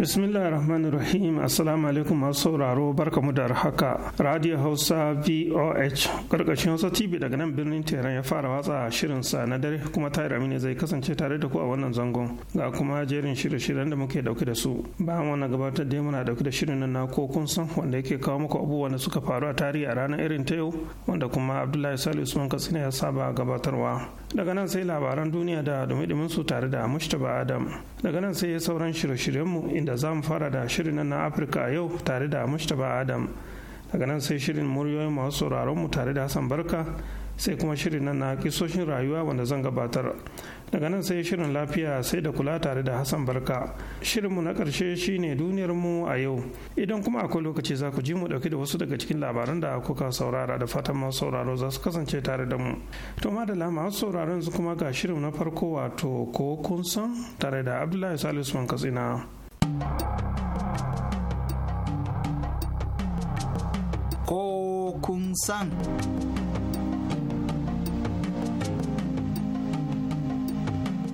bismillah rahman rahim assalamu alaikum masu sauraro barka mu da haka radio hausa voh karkashin hausa tv daga nan birnin tehran ya fara watsa shirin sa na dare kuma tayar amina zai kasance tare da ku a wannan zangon ga kuma jerin shirye-shiryen da muke dauke da su bayan wannan gabatar da muna dauke da shirin na ko kun san wanda yake kawo muku abubuwan da suka faru a tarihi a ranar irin ta yau wanda kuma abdullahi salisu usman katsina ya saba gabatarwa daga nan sai labaran duniya da dumi su tare da mushtaba adam daga nan sai sauran shirye-shiryenmu inda za mu fara da shirin na afirka yau tare da mushtaba adam daga nan sai shirin muryoyin masu sauraron mu tare da hassan barka sai kuma shirin nan na kisoshin rayuwa wanda zan gabatar daga nan sai shirin lafiya sai da kula tare da hassan barka shirinmu na ƙarshe shine duniyar mu a yau idan kuma akwai lokaci za ku ji mu ɗauki da wasu daga cikin labaran da kuka saurara da fatan masu sauraro za su kasance tare da mu to lama masu sauraro yanzu kuma ga shirin na farko wato ko kun san tare da abdullahi salisu man katsina ko kun san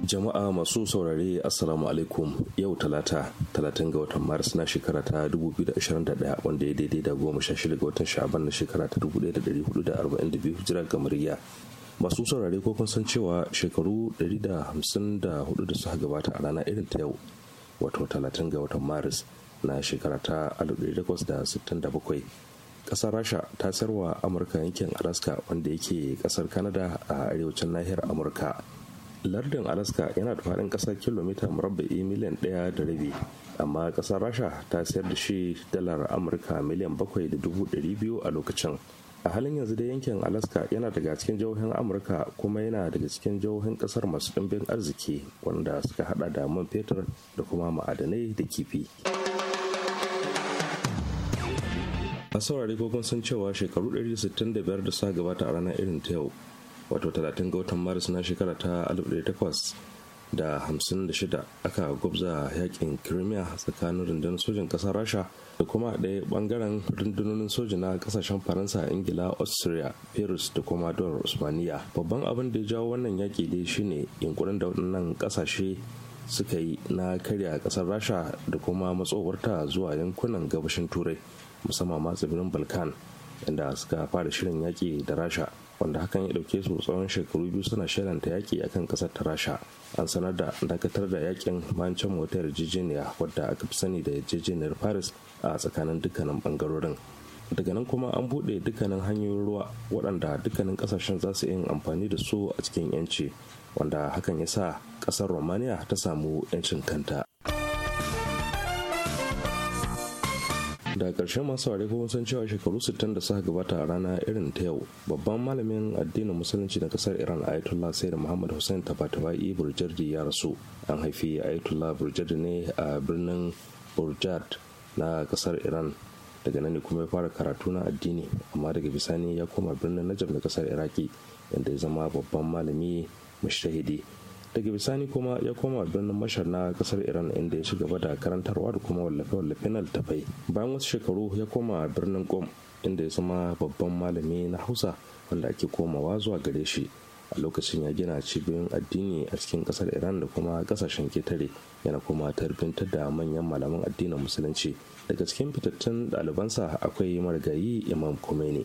jama'a masu saurare assalamu alaikum yau talata talatin ga watan maris na shekara ta 2021 wanda ya daidai da goma sha shida ga watan sha'aban na shekara ta 1442 hijira Murya. masu saurare ko kun san cewa shekaru 154 da suka gabata a rana irin ta yau wato talatin ga watan maris na shekara ta 1867 kasar rasha ta sarwa amurka yankin alaska wanda yake kasar Kanada a arewacin nahiyar amurka lardin alaska yana da faɗin ƙasa kilomita murabba'i miliyan ɗaya da rabi amma ƙasar rasha ta sayar da shi dalar amurka miliyan bakwai da dubu ɗari biyu a lokacin a halin yanzu da yankin alaska yana daga cikin jihohin amurka kuma yana daga cikin jihohin ƙasar masu ɗimbin arziki wanda suka hada da man fetur da kuma ma'adanai da kifi a saurari ko sun san cewa shekaru 165 da suka gabata a ranar irin ta yau wato 30 ga watan maris na shekara ta 1856 aka gwabza yakin crimea tsakanin rundunar sojin ƙasar rasha da kuma ɗaya ɓangaren rundunonin soja na ƙasashen faransa ingila austria paris da kuma dolar usmaniya babban abin da ya jawo wannan yaƙi dai shine yunkurin da waɗannan ƙasashe suka yi na karya ƙasar rasha da kuma matsowarta zuwa yankunan gabashin turai musamman ma tsibirin balkan inda suka fara shirin yaƙi da rasha wanda hakan ya dauke su tsawon shekaru biyu suna ta yaki akan kasar ta rasha an sanar da dakatar da yakin mancan wata yarjejeniya wadda aka fi sani da yarjejeniyar paris a tsakanin dukkanin bangarorin daga nan kuma an buɗe dukkanin hanyoyin ruwa waɗanda dukkanin ƙasashen za su yin amfani da su a cikin yanci wanda hakan ya sa ƙasar romania ta samu yancin kanta da ƙarshe masu ware kuma sun cewa shekaru 60 da suka gabata a rana irin ta yau babban malamin addinin musulunci na kasar iran ayatollah da muhammad hussein tabatabai burjardi ya rasu an haifi ayatollah burjardi ne a birnin burjard na kasar iran daga nan ne kuma ya fara karatu na addini amma daga bisani ya koma birnin najab na kasar iraki inda ya zama babban malami mashahidi daga bisani kuma ya koma birnin mashar na kasar iran inda ya ci gaba da karantarwa da kuma wallafe-wallafe na littafai bayan wasu shekaru ya koma birnin qom inda ya zama babban malami na hausa wanda ake komawa zuwa gare shi a lokacin ya gina cibiyoyin addini a cikin kasar iran da kuma kasashen ketare yana kuma tarbintar da manyan malaman addinin musulunci daga cikin fitattun ɗalibansa akwai marigayi imam khomeini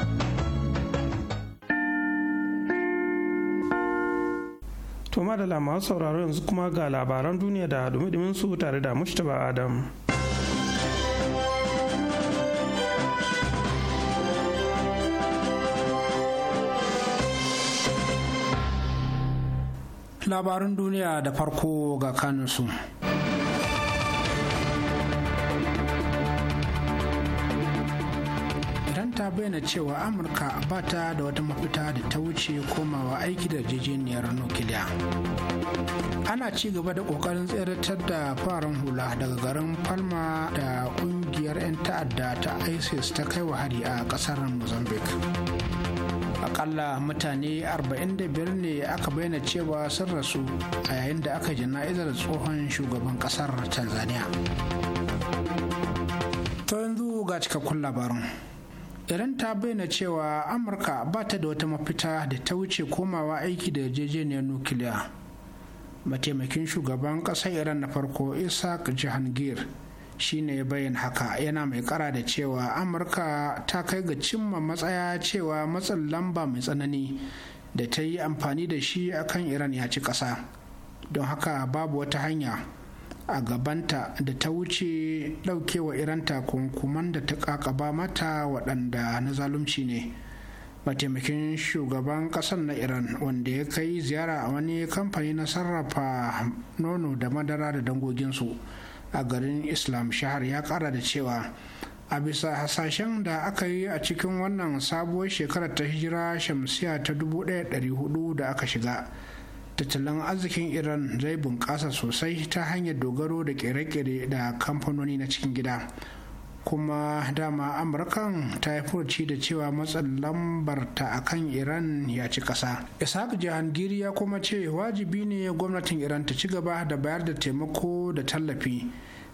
to ma da masu sauraro yanzu kuma ga labaran duniya da dumi su tare da mushtaba adam labarin duniya da farko ga kanunsu. bayyana cewa amurka ba ta da wata mafita da ta wuce komawa aiki da yarjejeniyar nukiliya ana ci gaba da kokarin tseratar da farin hula daga garin palma da kungiyar 'yan ta'adda ta isis ta kai wa hari a kasar mozambique akalla mutane 45 ne aka bayyana cewa sun rasu a yayin da aka jana'izar tsohon shugaban kasar tanzania to yanzu ga cikakkun labarin Iran ta bayyana cewa Amurka ba ta da wata mafita da ta wuce komawa aiki da yarjejeniyar nukiliya. Mataimakin shugaban ƙasar Iran na farko Isaac Jahangir shi ne bayan haka yana mai kara da cewa Amurka ta kai ga cimma matsaya cewa matsin lamba mai tsanani da ta yi amfani da shi akan Iran ya ci ƙasa. Don haka babu wata hanya. a gabanta da ta wuce ɗaukewa iran takunkuman da ta kakaba mata waɗanda na zalunci ne mataimakin shugaban ƙasar na iran wanda ya kai ziyara a wani kamfani na sarrafa nono da madara da dangoginsu a garin islam shahar ya ƙara da cewa a bisa hasashen da aka yi a cikin wannan sabuwar shekarar ta hijira shamsiya ta 1400 da aka shiga tattalin arzikin iran zai bunƙasa sosai ta hanyar dogaro da kere-kere da kamfanoni na cikin gida kuma dama amurkan ta yi furci da cewa matsin lambarta a kan iran ya ci ƙasa ishaq jahangiri ya kuma ce wajibi ne gwamnatin iran ta ci gaba da bayar da taimako da tallafi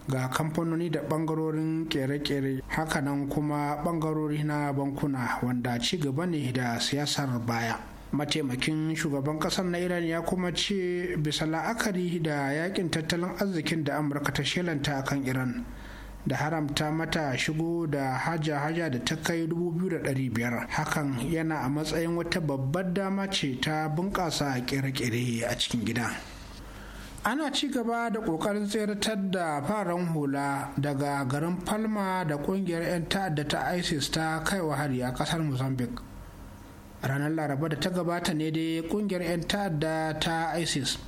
ga kamfanoni da bangarorin kere-kere hakanan kuma bangarori na bankuna wanda ci gaba ne da siyasar baya mataimakin shugaban kasar na iran ya kuma ce bisa la'akari da yakin tattalin arzikin da amurka ta shelanta a kan iran da haramta mata shigo da haja-haja da ta kai 2,500 hakan yana a matsayin wata babbar dama ce ta bunƙasa a kere-kere a cikin gida ana ci gaba da ƙoƙarin tseratar da faran hula daga garin palma da ƙungiyar 'yan ta'adda ta isis ta kaiwa hari a ƙasar mozambique ranar laraba da ta gabata ne dai kungiyar 'yan ta'adda ta isis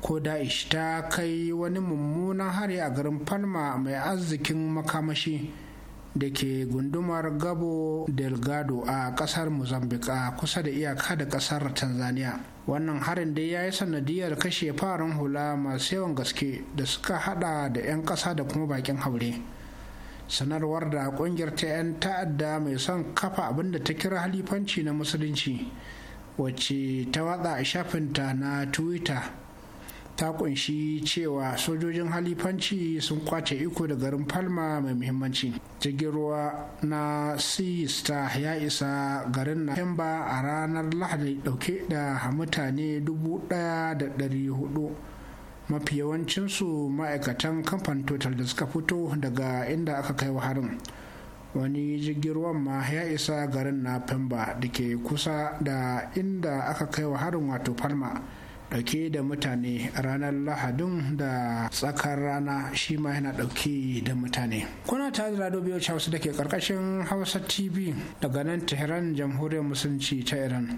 ko da'ish ta kai wani mummunan hari a garin palma mai arzikin makamashi da ke gundumar gabo delgado a kasar mozambique a kusa da iyaka da kasar tanzania wannan harin dai ya yi sanadiyar kashe farin hula masu yawan gaske da suka hada da 'yan kasa da kuma bakin haure sanarwar da kungiyar ta 'yan ta'adda mai son kafa abinda ta kira halifanci na musulunci wacce ta watsa a shafinta na twitter ta kunshi cewa sojojin halifanci sun kwace iko da garin palma mai muhimmanci jirgin ruwa na sista ya isa garin na a ranar lahadi dauke da mutane 1400 mafi yawancinsu ma'aikatan kamfan total da suka fito daga inda aka kai harin wani jirgin ruwan ma ya isa garin na pemba da ke kusa da inda aka kai harin wato palma dauke da mutane ranar lahadin da tsakar rana shi ma yana dauke da mutane kuna ta da rado biyu da ke karkashin hausa tv daga nan tehran jamhuriyar musulunci ta iran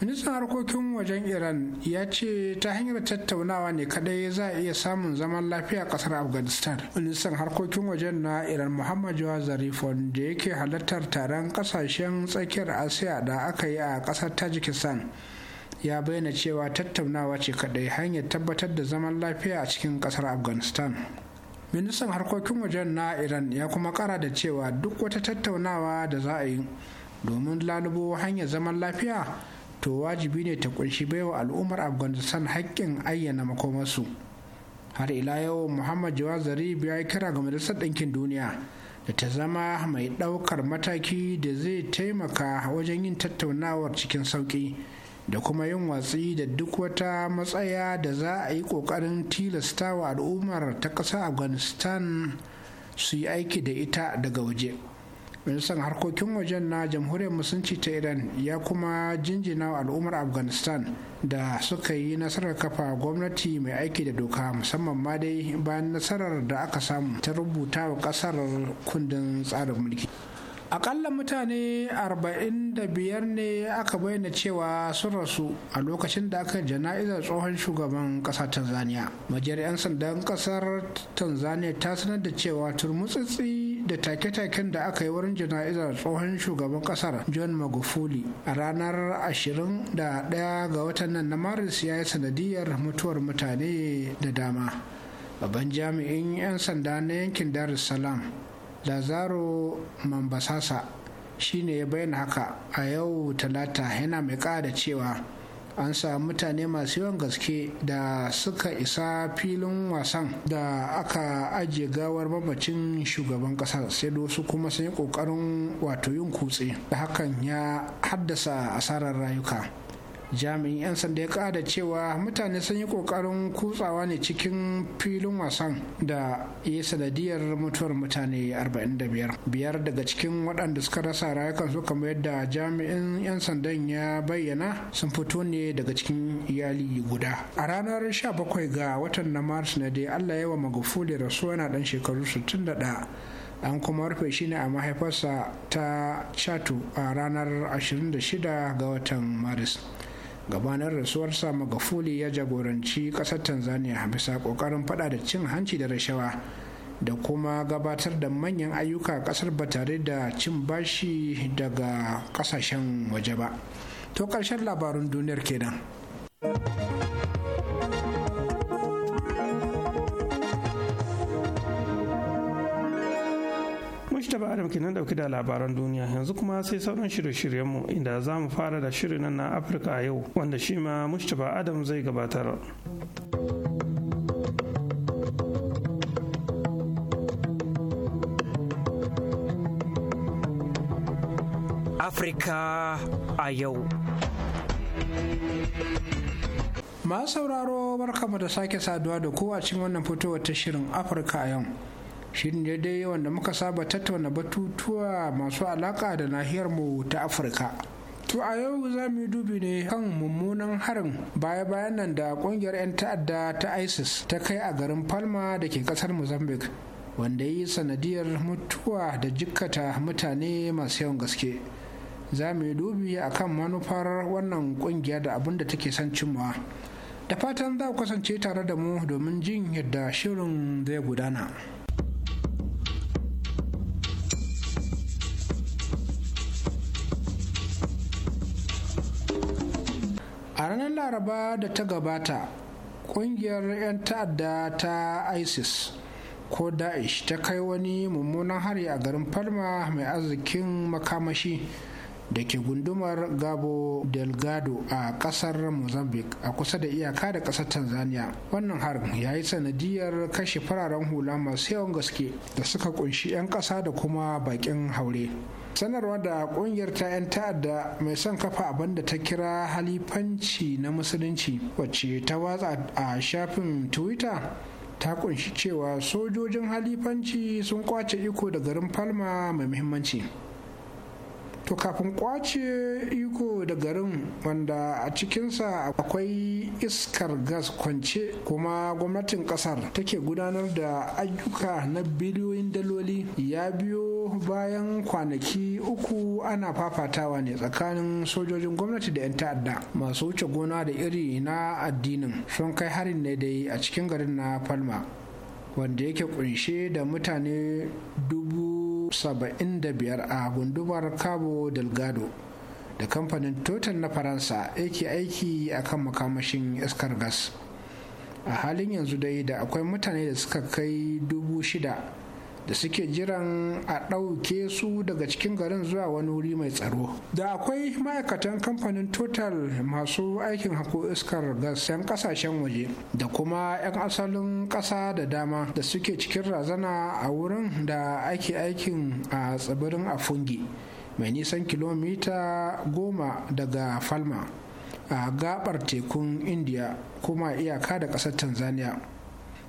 ministan harkokin wajen iran ya ce ta hanyar tattaunawa ne kadai za a iya samun zaman lafiya a kasar afghanistan ministan harkokin wajen na iran muhammad jawad zarifon da yake halartar taron kasashen tsakiyar asiya da aka yi a kasar tajikistan ya bayyana cewa tattaunawa ce kadai hanyar tabbatar da zaman lafiya a cikin kasar afghanistan ministan harkokin wajen na iran ya kuma kara da cewa duk wata tattaunawa da za a yi domin lalubo hanyar zaman lafiya to wajibi ne ta kunshi baiwa al'ummar afghanistan haƙƙin ayyana makomarsu har ila yau muhammad jawad zarif ya yi kira ga majalisar ɗinkin duniya da ta zama mai ɗaukar mataki da zai taimaka wajen yin tattaunawar cikin sauƙi da kuma yin watsi da duk wata matsaya da za a yi ƙoƙarin tilastawa al'ummar ta ƙasar afghanistan su yi aiki da ita daga waje. ministan harkokin wajen na jamhuriyar musulunci ta iran ya kuma jinjina al'ummar afghanistan da suka yi nasarar kafa gwamnati mai aiki da doka musamman ma dai bayan nasarar da aka samu ta rubuta wa kasar kundin tsarin mulki akalla mutane 45 ne aka bayyana cewa sun rasu a lokacin da aka jana'izar tsohon shugaban kasar tanzania majiyar 'yan sandan kasar tanzania ta sanar da cewa turmutsitsi da take-taken da aka yi wurin jana'izar tsohon shugaban kasar john magufuli a ranar 21 ga watan nan na maris ya yi sanadiyar mutuwar mutane da dama babban jami'in 'yan sanda na yankin dar es salaam lazaro mambasasa shine ya bayyana haka a yau talata yana mai ƙada cewa an samu mutane masu yawan gaske da suka isa filin wasan da aka ajiye gawar mabacin shugaban kasar sai da wasu kuma sun yi kokarin wato yin kutse da hakan ya haddasa asarar rayuka jami'in 'yan sanda ya kada cewa mutane sun yi kokarin kutsawa ne cikin filin wasan da ya sanadiyar mutuwar mutane 45 biyar daga cikin waɗanda suka rasa su kamar yadda jami'in 'yan sandan ya bayyana sun fito ne daga cikin iyali guda a ranar 17 ga watan na maris na dai allah yawa magufuli rasu yana dan shekaru 61 an kuma rufe shi ne a mahaifarsa ta chatu a ranar 26 ga watan maris gabanar rasuwarsa magafuli ya jagoranci ƙasar tanzania bisa ƙoƙarin fada da cin hanci da rashawa da kuma gabatar da manyan ayyuka ƙasar ba tare da cin bashi daga ƙasashen waje ba to karshen labarun duniyar kenan. Mustapha Adam nan dauke da labaran duniya yanzu kuma sai sauran shirye-shiryenmu inda za mu fara da shirin nan na Afirka a yau wanda shi ma Mustapha Adam zai gabatar. Afirka a yau. Ma sauraro barkamu da sake saduwa da kowa cikin wannan fitowar ta shirin Afirka a yau. shin ne dai wanda muka saba tattauna batutuwa masu alaka da nahiyar mu ta afirka to a yau za mu yi dubi ne kan mummunan harin baya-bayan nan da kungiyar 'yan ta'adda ta isis ta kai a garin palma da ke kasar mozambique wanda yi sanadiyar mutuwa da jikkata mutane masu yawan gaske za mu yi dubi a kan manufar wannan kungiya da abin da take son cimma da fatan za ku kasance tare da mu domin jin yadda shirin zai gudana. laraba da ta gabata kungiyar 'yan ta'adda ta isis ko daesh ta kai wani mummunan hari a garin palma mai arzikin makamashi da ke gundumar gabo delgado a kasar mozambique a kusa da iyaka da kasar tanzania wannan harin ya yi sanadiyar kashe fararen hula masu yawan gaske da suka kunshi 'yan kasa da kuma bakin haure sanarwa da kungiyar ta 'yan ta'adda mai son kafa abin da ta kira halifanci na musulunci wacce ta watsa a shafin twitter ta kunshi cewa sojojin halifanci sun kwace iko da garin palma mai muhimmanci to kafin kwace iko da garin wanda a cikinsa akwai iskar gas kwance kuma gwamnatin kasar take gudanar da ayyuka na biliyoyin daloli ya biyo bayan kwanaki uku ana fafatawa ne tsakanin sojojin gwamnati da 'yan ta'adda masu wuce gona da iri na addinin sun kai harin ne dai a cikin garin na palma wanda yake kunshe da mutane dubu 75 a gundumar cabo delgado da kamfanin total na faransa yake aiki a kan makamashin iskar gas a halin yanzu dai da akwai mutane da suka kai dubu shida da suke jiran a ɗauke su daga cikin garin zuwa wani wuri mai tsaro da akwai ma'aikatan kamfanin total masu aikin hako iskar gas 'yan kasashen waje da kuma 'yan asalin ƙasa da dama da suke cikin razana a wurin da ake aikin a tsibirin afungi mai nisan kilomita goma daga falma a gabar tekun indiya kuma iyaka da ƙasar tanzania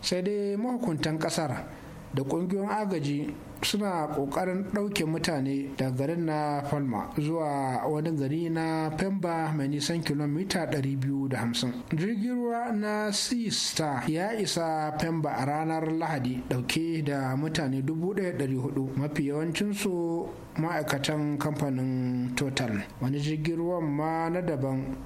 sai dai mahukuntan ƙasar da ƙungiyoyin agaji suna ƙoƙarin ɗauke mutane daga garin na falma zuwa wani gari na pemba mai nisan kilomita 250 jirgin ruwa na sea star ya isa pemba a ranar lahadi ɗauke da mutane 1,400 mafi yawancinsu ma'aikatan kamfanin total wani jirgin ruwan ma na daban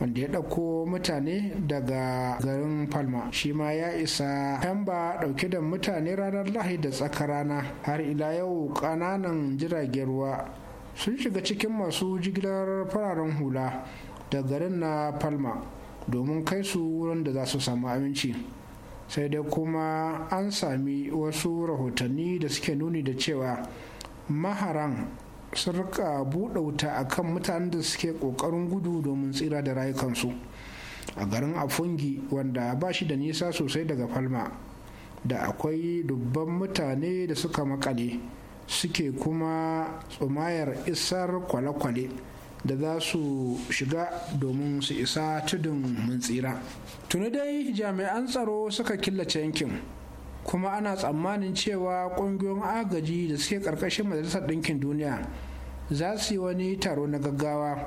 wanda ya ɗauko mutane daga garin palma shi ma ya isa hamba ɗauke da mutane ranar lahi da tsakar rana har ila yau ƙananan jiragen ruwa sun shiga cikin masu jigilar fararen hula da garin na palma domin kai su wurin da za su samu aminci sai dai kuma an sami wasu rahotanni da suke nuni da cewa maharan sun rika buɗe wuta a kan mutanen da suke ƙoƙarin gudu domin tsira da rayukansu a garin afungi wanda ba shi da nisa sosai daga falma da akwai dubban mutane da suka makale suke kuma tsumayar isar kwale-kwale da za su shiga domin su isa tudun mun tsira tuni dai jami'an tsaro suka killace yankin kuma ana tsammanin cewa ƙungiyoyin agaji da suke ƙarƙashin majalisar ɗinkin duniya za su yi wani taro na gaggawa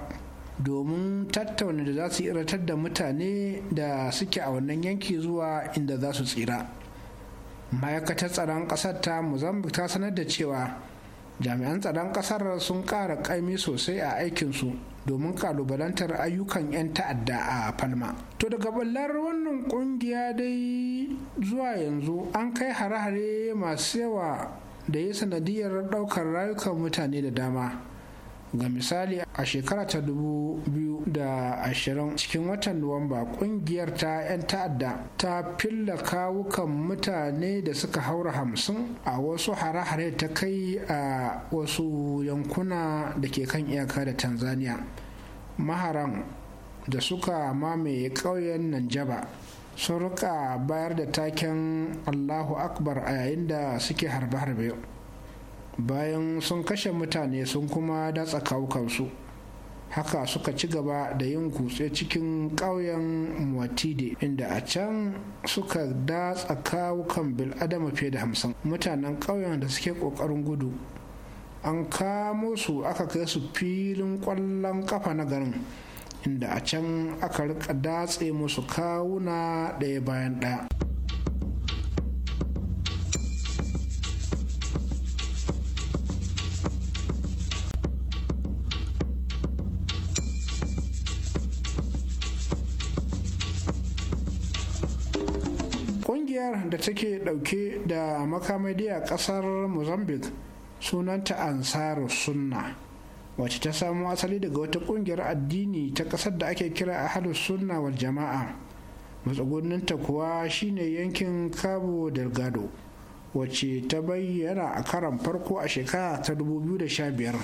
domin tattauna da za su iratar da mutane da suke a wannan yanki zuwa inda za su tsira ma'aikatar tsaron ƙasar ta mozambique ta sanar da cewa jami'an tsaron ƙasar sun ƙara ƙaimi sosai a aikinsu domin kalubalantar ayyukan 'yan ta'adda a falma. to daga ballar wannan kungiya dai zuwa yanzu an kai hare-hare masu yawa da ya sanadiyar daukar rayukan mutane da dama ga misali a shekara ta dubu biyu da ashirin cikin watan nuwamba kungiyar ta 'yan ta'adda ta filla kawukan mutane da suka haura hamsin a wasu hare-hare ta kai a wasu yankuna da ke kan iyaka da tanzania maharan da suka mamaye ƙauyen nanjaba sun rika bayar da taken allahu akbar a yayin da suke harbe-harbe bayan sun kashe mutane sun kuma datsa kawukansu haka suka ci gaba da yin kutse cikin ƙauyen muwatide inda a can suka datsa kawukan bil'adama fiye da hamsin mutanen ƙauyen da suke ƙoƙarin gudu an kamo su aka kai su filin ƙwallon ƙafa na garin inda a can aka rika datse musu kawuna ɗaya bayan ɗaya hanyar da take ɗauke da makamadi a ƙasar Mozambique sunanta Ansaru Sunna wacce ta samo asali daga wata ƙungiyar addini ta ƙasar da ake kira Ahlus Sunna wal Jama'a. Matsugunninta kuwa shine yankin Cabo Delgado wacce ta bayyana a karan farko a shekara ta 2015.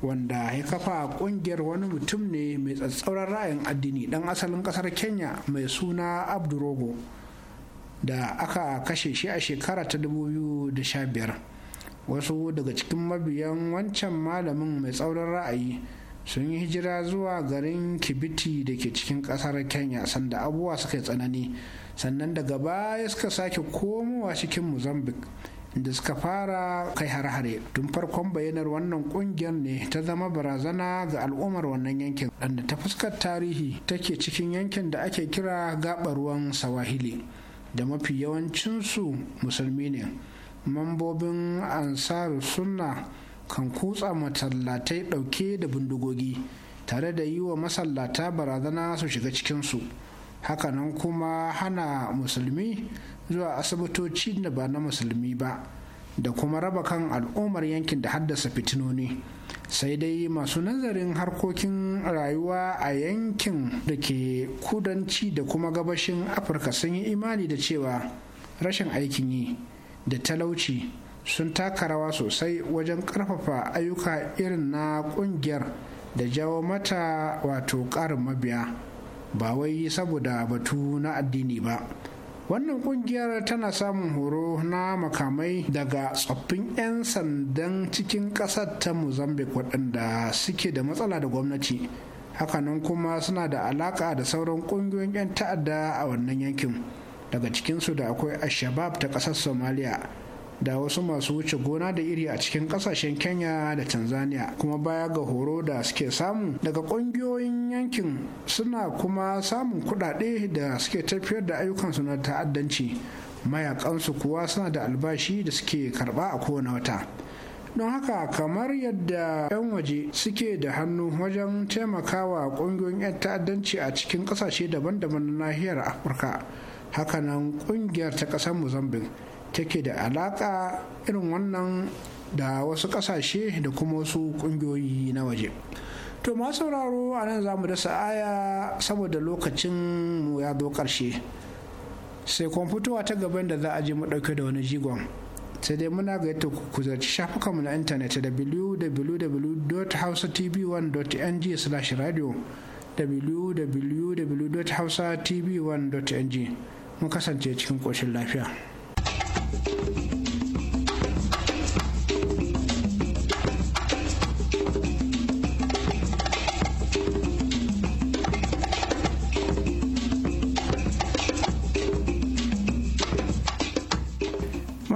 wanda ya kafa kungiyar wani mutum ne mai tsatsauran ra'ayin addini dan asalin kasar kenya mai suna abdurogo da aka kashe shi a shekara ta 2015 wasu daga cikin mabiyan wancan malamin mai tsaurin ra'ayi sun yi hijira zuwa garin kibiti da ke cikin kasar kenya sanda abubuwa suka tsanani sannan daga baya suka sake komowa cikin mozambique da suka fara kai har-hare tun farkon bayanar wannan kungiyar ne ta zama barazana ga al'ummar wannan yankin da ta fuskar tarihi take cikin yankin da ake kira gabar ruwan sawahili da mafi yawancinsu musulmi ne mambobin ansaru sunna kan kutsa masallatai ɗauke da bindigogi tare da yi wa masallata barazana su shiga cikinsu hakanan kuma hana musulmi zuwa asibitoci da ba na musulmi ba da kuma raba kan al'ummar yankin da haddasa fitinoni. sai dai masu nazarin harkokin rayuwa a yankin da ke kudanci da kuma gabashin afirka sun yi imani da cewa rashin aikin yi da talauci sun taka rawa sosai wajen karfafa ayyuka irin na kungiyar da jawo mata wato karin mabiya ba wai saboda batu na addini ba wannan kungiyar tana samun horo na makamai daga tsoffin 'yan sandan cikin ƙasar ta mozambique waɗanda suke da matsala da gwamnati hakanan kuma suna da alaƙa da sauran ƙungiyoyin 'yan ta'adda a wannan yankin daga cikinsu da akwai ashabab ta ƙasar somalia da wasu masu wuce gona da iri a cikin kasashen kenya da tanzania kuma baya ga horo da suke samu daga kungiyoyin yankin suna kuma samun kudade da suke tafiyar da ayyukansu na ta'addanci mayakansu kuwa suna da albashi da suke karba a kowane wata don haka kamar yadda 'yan waje suke da hannu wajen taimakawa kungiyoyin 'yan ta'addanci a cikin kasashe daban-daban na nahiyar afirka hakanan kungiyar ta kasar mozambique take da alaƙa irin wannan da wasu ƙasashe da kuma wasu ƙungiyoyi na waje. To ma sauraro a nan za mu dasa aya saboda lokacin mu ya zo ƙarshe. Sai kuma fitowa ta gaban da za a je mu ɗauke da wani jigon. Sai dai muna ga yadda ku zarci shafukanmu na intanet www.hausatv1.ng/radio www.hausatv1.ng mu kasance cikin ƙoshin lafiya.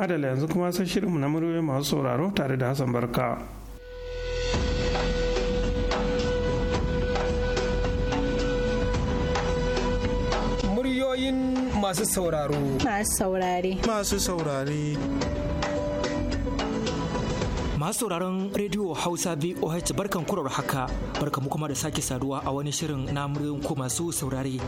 madalla yanzu kuma sai shirinmu na muryoyi masu sauraro tare da hassan barka muryoyin masu sauraro masu saurare masu saurare Masu sauraron Radio Hausa VOH barkan kurar haka barkamu kuma da sake saduwa a wani shirin na ku masu saurare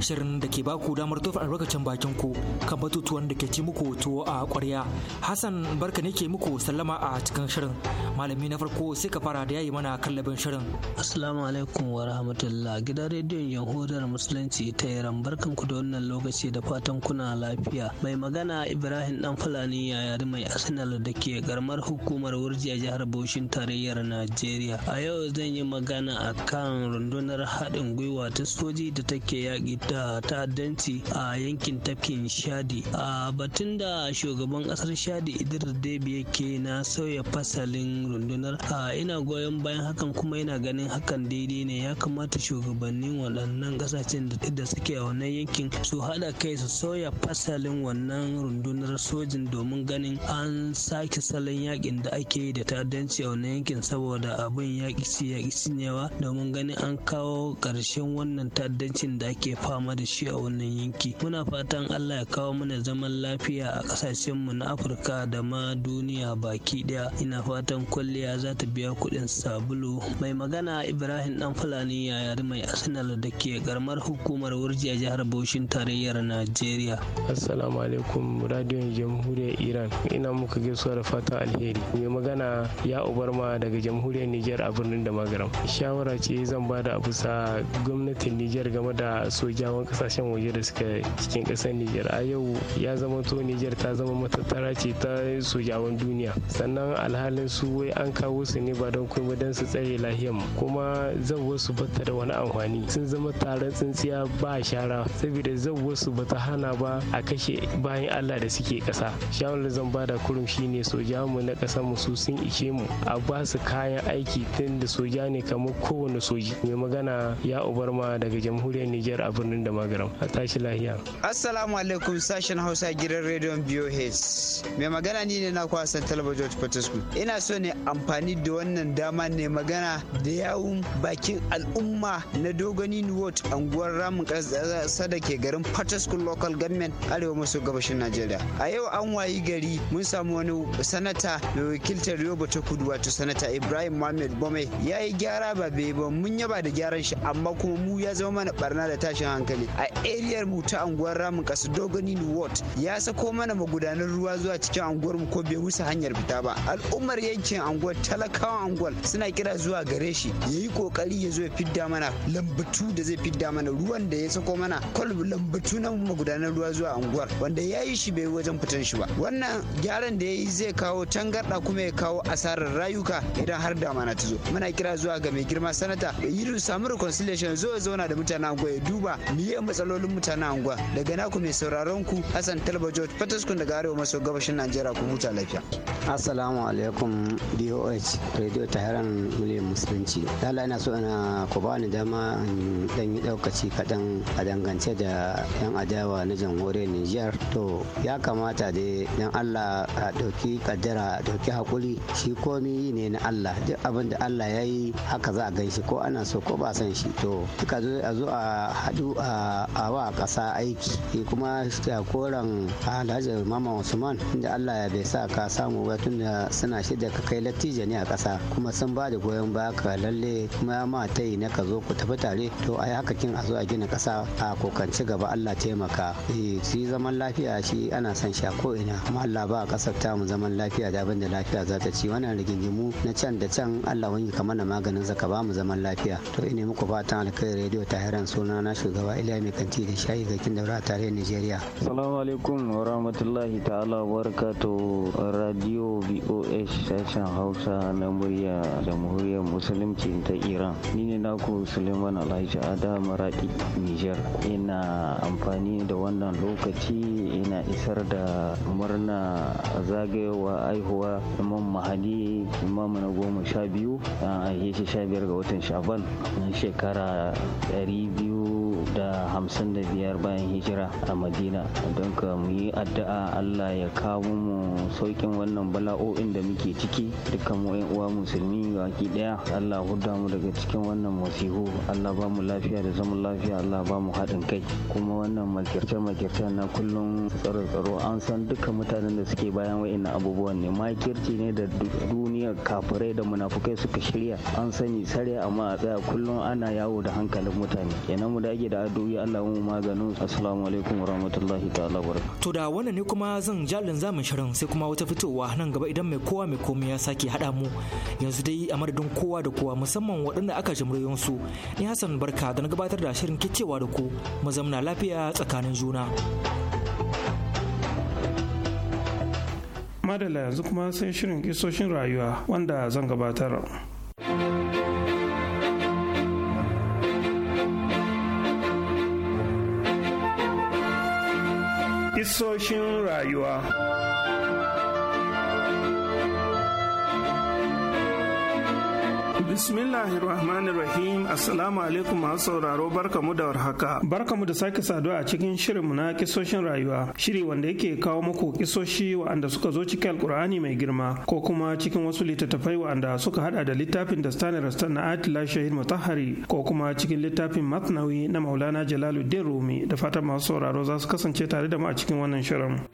shirin da ke baku damar tofa albarkacin bakin ku kan batutuwan da ke ci muku tuwo a kwarya Hassan barka ne ke muku sallama a cikin shirin malami na farko sai ka fara da yayi mana kallabin shirin. Assalamu alaikum wa rahmatullah gidan rediyon Yahudar Musulunci ta yaran barkan ku da wannan lokaci da fatan kuna lafiya mai magana Ibrahim Dan Fulani yayari mai Arsenal da ke garmar hukumar wurin Bauchi a jihar Bauchin tarayyar Najeriya. A yau zan yi magana a kan rundunar haɗin gwiwa ta soji da take yaƙi da ta'addanci a yankin tafkin Shadi. A batun da shugaban ƙasar Shadi Idris Debi yake na sauya fasalin rundunar a ina goyon bayan hakan kuma ina ganin hakan daidai ne ya kamata shugabannin waɗannan ƙasashen da suke a wannan yankin su haɗa kai su sauya fasalin wannan rundunar sojin domin ganin an sake salon yaƙin da ake yaƙi da ta'addanci a wannan yankin saboda abin ya ƙi ya ƙi domin ganin an kawo ƙarshen wannan ta'addancin da ake fama da shi a wannan yanki muna fatan allah ya kawo mana zaman lafiya a mu na afirka da ma duniya baki ɗaya ina fatan kwalliya za ta biya kuɗin sabulu mai magana ibrahim dan fulani yari mai arsenal da ke karamar hukumar wurji a jihar bauchin tarayyar najeriya assalamu alaikum radiyon jamhuriyar iran ina muka gaisuwa da fatan alheri mai magana magana ya ubarma daga jamhuriyar Nijar a birnin da magaram. Shawara ce zan ba da abu sa gwamnatin Nijar game da sojawan kasashen waje da suka cikin kasar Nijar. A yau ya zama to Nijar ta zama matattara ce ta sojawan duniya. Sannan alhalin su wai an kawo su ne ba don komai don su tsare lahiyar kuma zan wasu bata da wani amfani. Sun zama taron tsintsiya ba shara saboda zan wasu bata hana ba a kashe bayan Allah da suke kasa Shawarar zan ba da kurum shine sojawan mu na kasar mu su sun ishe mu a basu kayan aiki tun da soja ne kamar kowane soji mai magana ya ubarma daga jamhuriyar niger a birnin da magaram a tashi lahiya assalamu alaikum sashen hausa gidan rediyon boh mai magana ni ne na kwasan talaba george ina so ne amfani da wannan dama ne magana da yawun bakin al'umma na dogoni ward anguwar ramin kasa da ke garin patescu local government arewa maso gabashin najeriya a yau an wayi gari mun samu wani sanata mai wakiltar jihar yobe ta kudu wato sanata ibrahim Mohamed bome ya yi gyara ba bai ba mun yaba da gyaran shi amma kuma mu ya zama mana barna da tashin hankali a eriyar mu ta anguwar ramin kasu dogoni ward ya sako mana magudanar ruwa zuwa cikin anguwar mu ko bai wusa hanyar fita ba al'ummar yankin anguwar talakawan anguwar suna kira zuwa gare shi ya yi kokari ya zo ya fidda mana lambatu da zai fidda mana ruwan da ya sako mana kwalb lambatu na magudanar ruwa zuwa anguwar wanda ya yi shi bai wajen fitan shi ba wannan gyaran da ya yi zai kawo tangarɗa kuma ya kawo asarar rayuka idan har dama na zo muna kira zuwa ga mai girma sanata da yi samu reconciliation zo zauna da mutanen anguwa ya duba miye matsalolin mutanen anguwa daga naku mai sauraron ku hassan talba george fataskun daga arewa maso gabashin najeriya ku huta lafiya assalamu alaikum doh radio tahiran miliyan musulunci allah ina so ina ku bani dama in dan yi daukaci kaɗan a dangance da yan adawa na jamhuriyar niger to ya kamata dai dan allah a ɗauki kaddara ɗauki hakuri al'amari shi komi ne na Allah duk abin da Allah ya yi haka za a gan shi ko ana so ko ba san shi to duka a zo a haɗu a wa ƙasa aiki kuma koran alhaji mama usman inda Allah ya bai sa ka samu ba tun da suna shirya ka kai lattijo ne a ƙasa kuma sun ba da goyon ba ka lalle kuma ya ma ta yi na ka zo ku tafi tare to ai haka kin a zo a gina ƙasa a kokanci gaba Allah taimaka eh, shi zaman lafiya shi ana son shi a ko ina amma Allah ba a ƙasar tamu zaman lafiya da abin da lafiya za ci wannan rigingimu na can da can Allah wani kamar na maganin zaka ba mu zaman lafiya to ina muku fatan alkai rediyo ta heran suna na shugaba Iliya mai kanti da shayi kin daura a tarayyar Nigeria assalamu alaikum wa rahmatullahi ta'ala wa barakatuh radio VOH sashen Hausa na murya jamhuriyar musulunci ta Iran ni ne naku Suleiman Alhaji Adam Maradi Niger ina amfani da wannan lokaci ina isar da murna zagayowa aihuwa imam mahadi imamu na goma sha biyu an haife shi sha biyar ga watan shaban na shekara ɗari biyu da hamsin da biyar bayan hijira a madina don ka mu yi addu'a allah ya kawo mu saukin wannan bala'o'in da muke ciki dukkan mu uwa musulmi baki daya allah huda mu daga cikin wannan masihu allah ba mu lafiya da zaman lafiya allah ba mu haɗin kai kuma wannan makirce-makirce na kullum tsaro-tsaro an san duka mutanen da suke bayan wa'annan abubuwan ne makirci ne da duniyar kafirai da munafukai suka shirya an sani sare amma a tsaya kullum ana yawo da hankalin mutane kenan mu dage da da addu'o'i Allah mu maganin assalamu alaikum warahmatullahi ta'ala barakatuh to da wannan ne kuma zan jalin zamin shirin sai kuma wata fitowa nan gaba idan mai kowa mai komai ya sake haɗa mu yanzu dai a madadin kowa da kowa musamman waɗanda aka jimriyon su ni Hassan Barka da na gabatar da shirin kicewa da ku mu zamna lafiya tsakanin juna madalla yanzu kuma sai shirin kisoshin rayuwa wanda zan gabatar. Kisoshin rayuwa. Bismillahirrahmanirrahim Assalamu alaikum masu sauraro barka barkamu da warhaka. mu da sake saduwa a cikin shirinmu na kisoshin rayuwa. Shiri wanda yake kawo muku kisoshi wa'anda suka zo cikin Alkur'ani mai girma ko kuma cikin wasu littattafai wa'anda suka hada da littafin da Stanley Rastan na Atila Shahid Mutahari ko kuma cikin littafin Matnawi na Maulana Jalaluddin Rumi da fatan masu sauraro za su kasance tare da mu a cikin wannan shirin.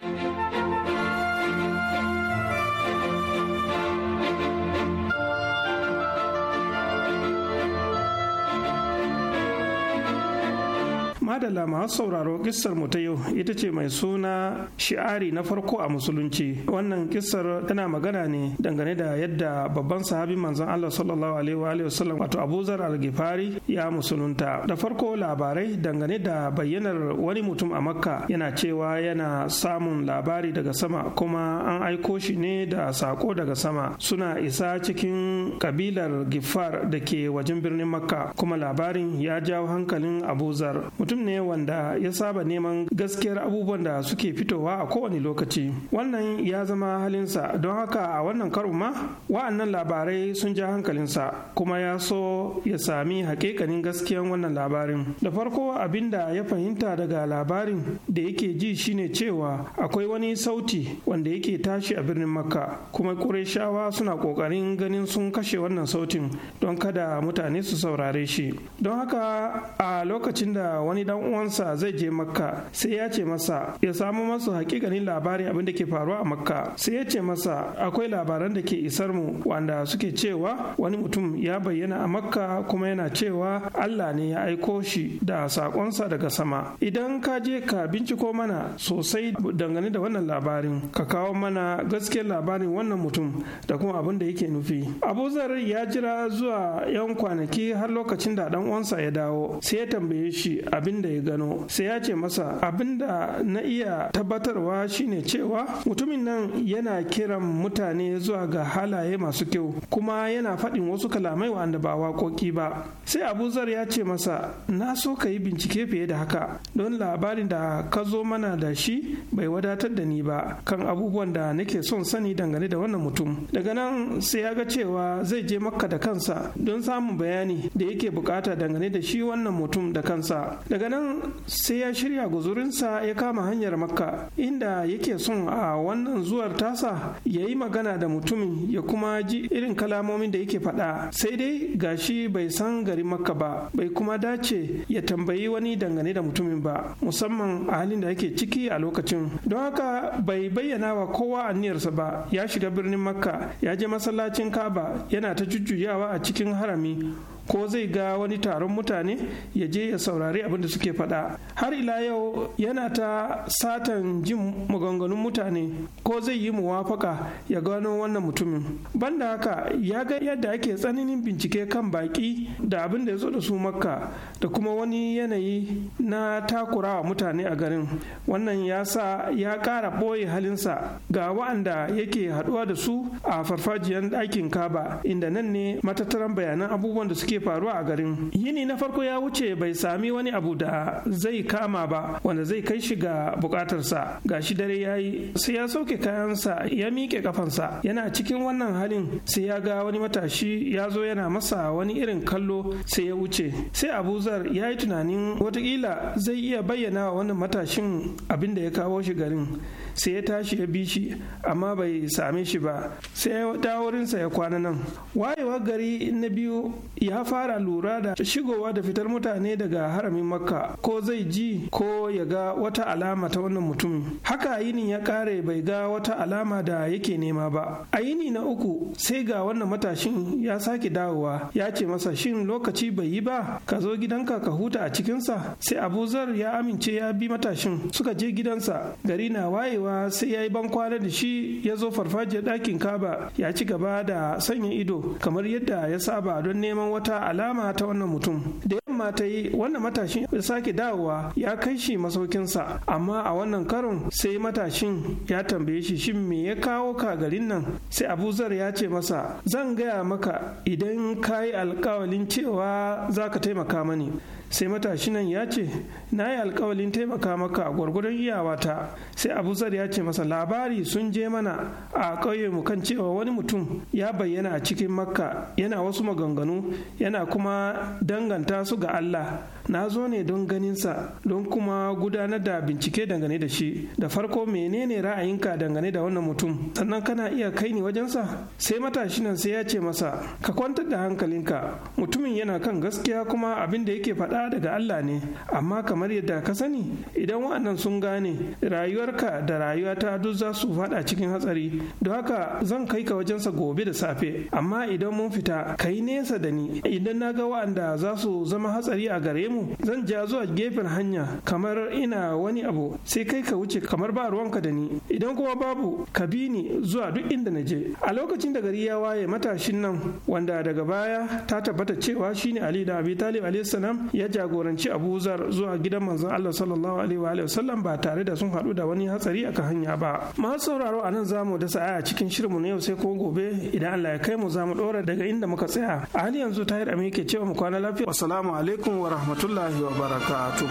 madalla masu sauraro kissar mu ta yau ita ce mai suna shi'ari na farko a musulunci wannan kissar tana magana ne dangane da yadda babban sahabi manzon Allah sallallahu alaihi wa alihi wasallam wato Abu Zar al-Ghifari ya musulunta da farko labarai dangane da bayyanar wani mutum a Makka yana cewa yana samun labari daga sama kuma an aiko shi ne da sako daga sama suna isa cikin kabilar Gifar da ke wajen birnin Makka kuma labarin ya jawo hankalin Abu Zar mutum ne wanda ya saba neman gaskiyar abubuwan da suke fitowa a kowane lokaci wannan ya zama halinsa don haka a wannan karo ma wa'annan labarai sun ja hankalinsa kuma ya so ya sami hakikanin gaskiyar wannan labarin da farko abin da ya fahimta daga labarin da yake ji shine cewa akwai wani sauti wanda yake tashi a birnin makka kuma ƙureshawa suna ƙoƙarin ganin sun kashe wannan sautin don kada mutane su saurare shi don haka a lokacin da wani dan uwansa zai je makka sai ya ce masa ya samu masa hakikanin labarin abin da ke faruwa a makka sai ya ce masa akwai labaran da ke isar mu wanda suke cewa wani mutum ya bayyana a makka kuma yana cewa allah ne ya aiko shi da sakonsa daga sama idan ka je ka binciko mana sosai dangane da wannan labarin ka kawo mana gaskiyar labarin wannan mutum da kuma abin da yake nufi abu ya jira zuwa yan kwanaki har lokacin da dan uwansa ya dawo sai ya tambaye shi abin abin da ya gano sai ya ce masa abin da na iya tabbatarwa shine cewa mutumin nan yana kiran mutane zuwa ga halaye masu kyau kuma yana faɗin wasu kalamai wanda ba waƙoƙi ba sai abuzar ya ce masa na so ka yi bincike fiye da haka don labarin da ka zo mana da shi bai wadatar da ni ba kan abubuwan da nake son sani dangane da wannan mutum daga nan sai ya ga cewa zai je makka da kansa don samun bayani da yake bukata dangane da shi wannan mutum da kansa daga daga nan sai ya shirya guzurinsa ya kama hanyar makka inda yake son a wannan zuwar tasa ya yi magana da mutumin ya kuma ji irin kalamomin da yake faɗa sai dai gashi bai san garin makka ba bai kuma dace ya tambayi wani dangane da mutumin ba musamman a halin da yake ciki a lokacin don haka bai bayyana wa kowa aniyarsa ba ya shiga birnin makka ya je masallacin kaba yana ta jujjuyawa a cikin harami ko zai ga wani taron mutane ya je ya saurari abin da suke faɗa har ila yau yana ta satan jin maganganun mutane ko zai yi muwafaka ya gano wannan mutumin banda haka ya ga yadda ake tsananin bincike kan baki da abin da ya zo da su makka da kuma wani yanayi na takurawa mutane a garin wannan ya sa ya ƙara ɓoye halinsa ga wa'anda yake haɗuwa da su a farfajiyar ɗakin kaba inda nan ne matattaran bayanan abubuwan da suke ke faruwa a garin yini na farko ya wuce bai sami wani abu da zai kama ba wanda zai kai shi ga bukatarsa shi dare ya yi sai ya sauke kayansa ya miƙe kafansa yana cikin wannan halin sai ya ga wani matashi ya zo yana masa wani irin kallo sai ya wuce sai abuzar ya yi tunanin watakila zai iya bayyana wa wannan matashin abin da ya kawo shi garin sai ya tashi ya bi shi amma bai same shi ba sai ya dawo wurinsa ya kwana nan wayewar gari na biyu ya fara lura da shigowa da fitar mutane daga haramin makka ko zai ji ko ya ga wata alama ta wannan mutumin haka yinin ya kare bai ga wata alama da yake nema ba a yini na uku sai ga wannan matashin ya sake dawowa ya ce masa shin lokaci bai yi ba ka zo gidanka ka huta a cikinsa sai abuzar ya amince ya bi matashin suka je gidansa gari na wayewa sai ya yi bankwana da shi ya zo farfajiyar dakin kaba ya ci gaba da sanya ido kamar yadda ya saba don neman wata ta alama ta wannan mutum da yamma ta yi wannan matashin ya sake dawowa ya kai shi masaukinsa amma a wannan karon sai matashin ya tambaye shi shin me ya kawo ka garin nan sai abuzar ya ce masa zan gaya maka idan ka yi alkawalin cewa za ka taimaka mani sai matashi nan ya ce na yi alkawalin taimaka maka gwargwadon iyawata sai abu ya ce masa labari sun je mana a ƙauye mu kan cewa wani mutum ya bayyana a cikin makka yana wasu maganganu yana kuma danganta su ga allah na zo ne don ganinsa don kuma gudanar da bincike dangane da shi da farko menene ra'ayinka dangane da wannan mutum sannan kana iya kai ni wajensa sai matashi nan sai ya ce masa ka kwantar da hankalinka mutumin yana kan gaskiya kuma abin da yake faɗa daga Allah ne amma kamar yadda ka sani idan wa'annan sun gane rayuwarka da rayuwata duk za su faɗa cikin hatsari don haka zan kai ka wajensa gobe da safe amma idan mun fita kai nesa da ni idan na ga wa'anda za su zama hatsari a gare mu mu zan ja zuwa gefen hanya kamar ina wani abu sai kai ka wuce kamar ba ruwanka da ni idan kuma babu ka bi ni zuwa duk inda na je a lokacin da gari ya waye matashin nan wanda daga baya ta tabbata cewa shine Ali da Abi Talib alayhi salam ya jagoranci Abu Zar zuwa gidan manzon Allah sallallahu alaihi wa sallam ba tare da sun hadu da wani hatsari akan hanya ba masu sauraro a nan zamu da sa'a cikin shirinmu na yau sai ko gobe idan Allah ya kai mu zamu dora daga inda muka tsaya a hali yanzu tahir amin ke cewa mu kwana lafiya assalamu alaikum wa rahmatullahi rahmatullahi wa barakatuh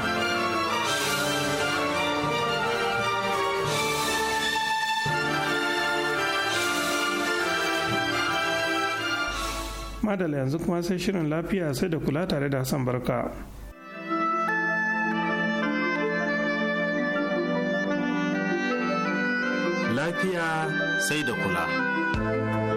madala yanzu kuma sai shirin lafiya sai da kula tare da hasan, barka lafiya sai da kula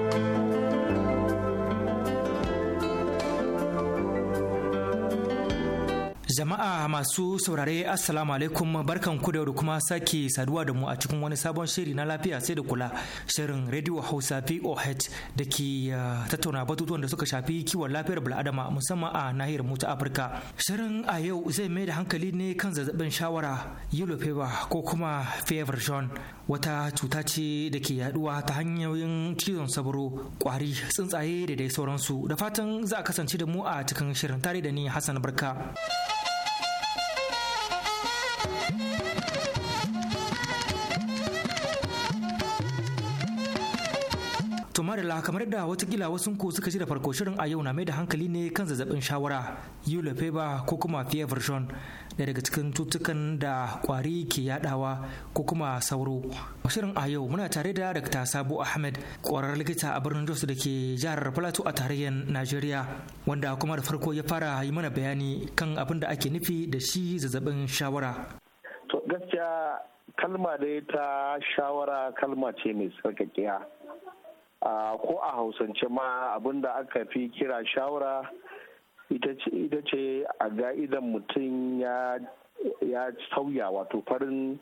Jama'a masu saurare Assalamu alaikum barkan ku da kuma sake saduwa da mu a cikin wani sabon shiri na lafiya sai da kula shirin Radio Hausa VOH da ke uh, tattauna batutuwan da suka shafi kiwon lafiyar bil'adama musamman a nahiyar mu ta Afirka. Shirin a yau zai mai da hankali ne kan zazzabin shawara yellow fever ko kuma fever zone wata cuta ce da ke yaduwa ta hanyoyin cizon sabro kwari tsuntsaye da dai sauransu da fatan za a kasance da mu a cikin shirin tare da ni Hassan Barka. madalla kamar da watakila wasu ku suka ji da farko shirin a yau na mai da hankali ne kan zazzabin shawara yule feba ko kuma fever version da daga cikin tutukan da kwari ke yadawa ko kuma sauro shirin a yau muna tare da dr sabo ahmed kwarar likita a birnin jos da ke jihar plateau a tarayyar najeriya wanda kuma da farko ya fara yi mana bayani kan abin da ake nufi da shi zazzabin shawara to gaskiya kalma dai ta shawara kalma ce mai sarkakiya ko a hausance ma da aka fi kira shawara ita ce a ga idan mutum ya sauya wato farin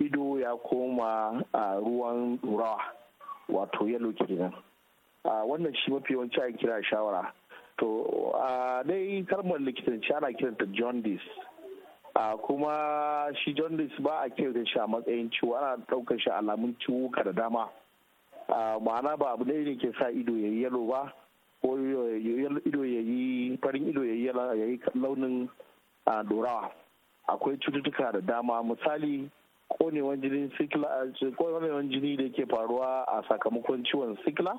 ido ya koma ruwan rawa wato yalo kenan wannan shi mafi yawanci a kira shawara to dai kalmar likitanci ana kiranta jaundice a kuma shi jaundice ba a kiranta shi a matsayin ciwo ana ɗaukar shi alamun ciwo da dama Ah, ma'ana ba abu ne ne ke sa ido ya yi yalo ba ko ido ya yi farin ido ya yi launin dorawa ah, akwai cututtuka da dama misali konewan jini jini da ke faruwa a sakamakon ciwon sikla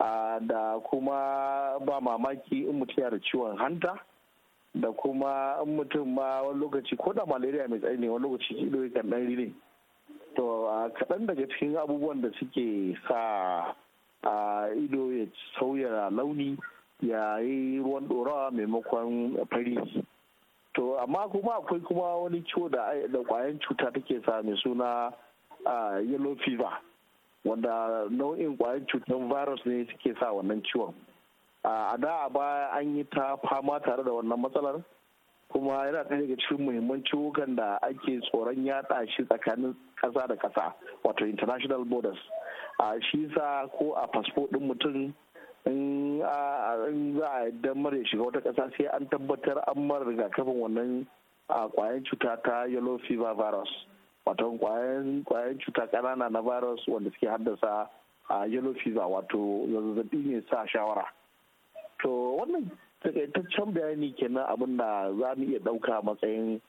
ah, da kuma ba mamaki in mutum da ciwon hanta da kuma in mutum ma wani lokaci ko da malaria mai tsayi ne wani lokaci ido ya kan dan rine to kaɗan daga cikin abubuwan da suke sa a ido ya sauya launi ya yi ruwan ɗorawa maimakon fari to amma kuma akwai kuma wani ciwo da ƙwayan cuta take sa mai suna yellow fever wanda nau'in ƙwayan cutar virus ne suke sa wannan ciwon a da a baya an yi ta fama tare da wannan matsalar kuma yana ɗaya daga cikin muhimman ciwukan da ake tsoron yaɗa shi tsakanin ƙasa da ƙasa wato international borders a shi sa ko a fasfo ɗin mutum in za a yadda mara ya shiga wata ƙasa sai an tabbatar an mara rigakafin wannan kwayan cuta ta yellow fever virus wato kwayan cuta ƙanana na virus wanda suke haddasa a yellow fever wato zazzabi ne sa shawara to wannan takaitaccen bayani kenan abin da za mu iya dauka matsayin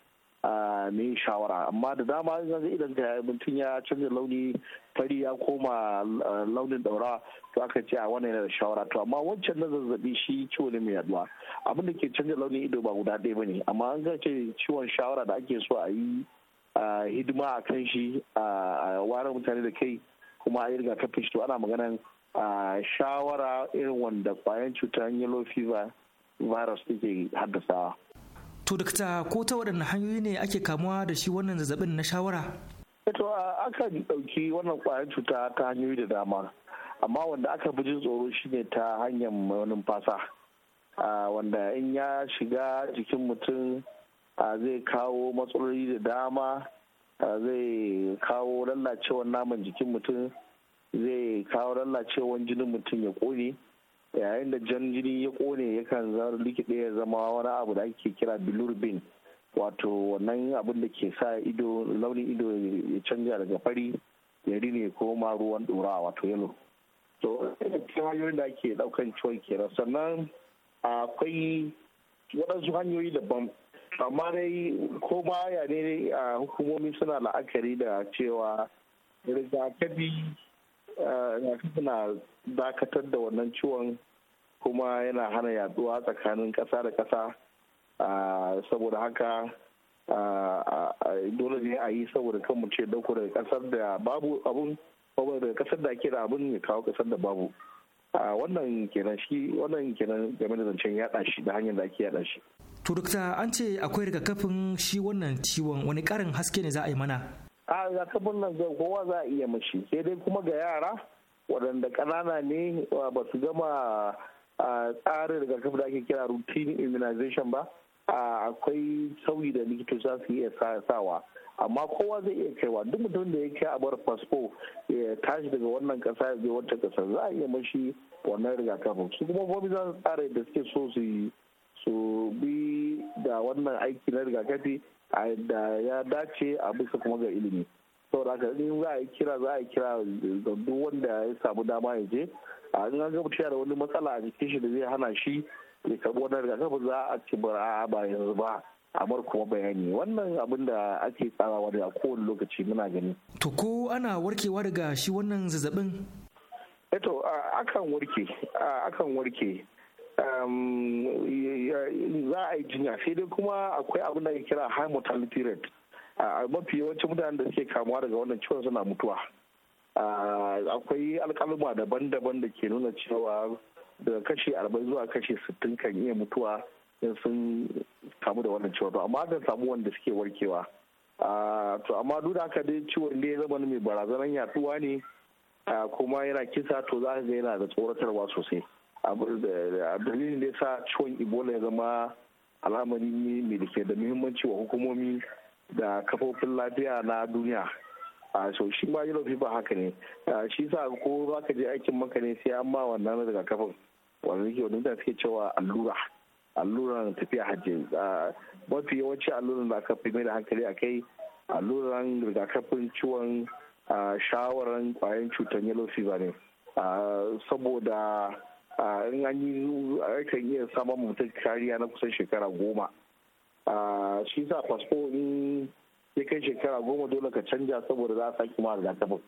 ne shawara amma da dama zan idan ka mutum ya canza launi fari ya koma launin daura to aka ce a wannan yana shawara to amma wancan na zazzabi shi ciwo ne mai yaduwa abin da ke canza launin ido ba guda ɗaya bane amma an ce ciwon shawara da ake so a yi hidima a kan shi a ware mutane da kai kuma a yi rigakafin shi to ana maganan shawara irin wanda kwayan cutar yellow fever virus take haddasawa. To dakta ko ta waɗanne hanyoyi ne ake kamuwa da shi wannan zazzabin na shawara? a akan ɗauki wannan ƙwayar cuta ta hanyoyi da dama. Amma wanda aka fi jin tsoro shine ta hanyar numfasa. Wanda in ya shiga jikin mutum zai kawo matsaloli da dama zai kawo lallacewar naman jikin mutum zai kawo lallacewar jinin mutum ya ƙone. yayin da jan jini ya kone yakan zama likita ya zama wani abu da ake kira bilirubin wato wannan abin da ke sa ido launin ido ya canja daga fari ya rine ma ruwan dora wato yalo to cikin hanyoyin da ake daukan ciwon kenan sannan akwai waɗansu hanyoyi daban amma dai ko baya ne a hukumomi suna la'akari da cewa rigakafi eh, na dakatar da wannan ciwon kuma yana hana yaduwa tsakanin ƙasa da ƙasa ah, saboda haka ah, ah, dole ne a yi saboda kan mu ce dauko daga ƙasar da babu abun daga ƙasar da ake da abun ya kawo ƙasar da babu wannan kenan shi wannan kenan game da zancen yaɗa shi da hanyar da ake yaɗa shi. to dokta an ce akwai rigakafin shi wannan ciwon wani ƙarin haske ne za a yi mana. a rigakafin nan kowa za a iya mashi sai dai kuma ga yara waɗanda ƙanana ne ba su gama tsarin rigakafi da ake kira routine immunization ba akwai sauyi da likita za su iya sawa amma kowa zai iya kaiwa duk mutum da ya kai a bar fasfo ya tashi daga wannan ƙasa ya je wata ƙasa za a iya mashi wannan rigakafin su kuma gobe za su tsara yadda suke so su yi su bi da wannan aiki na rigakafi da ya dace a bisa kuma ga ilimi saboda haka in za a yi kira za a yi kira ga duk wanda ya samu dama ya je a in an gaba da wani matsala a jikin shi da zai hana shi ya karbi wannan rigakafin za a ci a ba yanzu ba amar kuma bayani wannan abin da ake tsarawa da a kowane lokaci muna gani. To ko ana warkewa daga shi wannan zazzabin? Eto eh akan warke akan warke za a yi jinya sai dai kuma akwai abin da ake kira high mortality rate a mafi yawancin mutanen da suke kamuwa daga wannan ciwon suna mutuwa akwai alkalma daban-daban da ke nuna cewa daga kashi arba'in zuwa kashi sittin kan iya mutuwa in sun kamu da wannan ciwon amma zan samu wanda suke warkewa to amma duk da haka dai ciwon da ya zama mai barazanar yaduwa ne kuma yana kisa to za ka ga yana da tsoratarwa sosai a dalilin da ya sa ciwon ibola ya zama al'amari ne da ke da muhimmanci wa hukumomi da kafofin lafiya na duniya a so shi ma yellow ba haka ne shi sa ko za ka je aikin maka ne sai an ba wannan kafin wanda suke wani da suke cewa allura alluran tafiya hajji mafi yawanci alluran da aka fi mai da hankali a kai alluran rigakafin ciwon shawaran kwayan cutar yellow fever ne saboda in an yi akan iya samun mutum kariya na kusan shekara goma A shi sa fasfo in ya kai shekara goma dole ka canja saboda za a sake ma rigakafin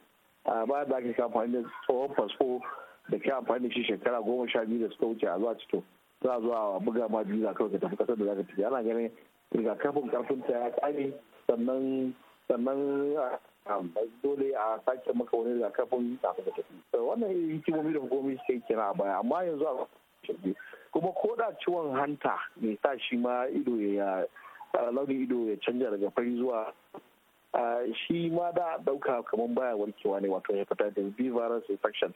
ba da ake amfani da tsohon fasfo da ke amfani da shi shekara goma sha biyu da suka wuce a zuwa cito za a zuwa buga ma biyu kawai ka tafi kasar da za ka tafi ana ganin rigakafin karfin ta ya kare sannan sannan dole a sake maka wani rigakafin kafin ka tafi wannan hikimomi da hukumomi suke kira a baya amma yanzu a kirji kuma ko ciwon hanta mai sa shi ma ido ya launin ido ya canja daga fari zuwa shi ma da dauka kamar baya warkewa ne wato hepatitis B virus infection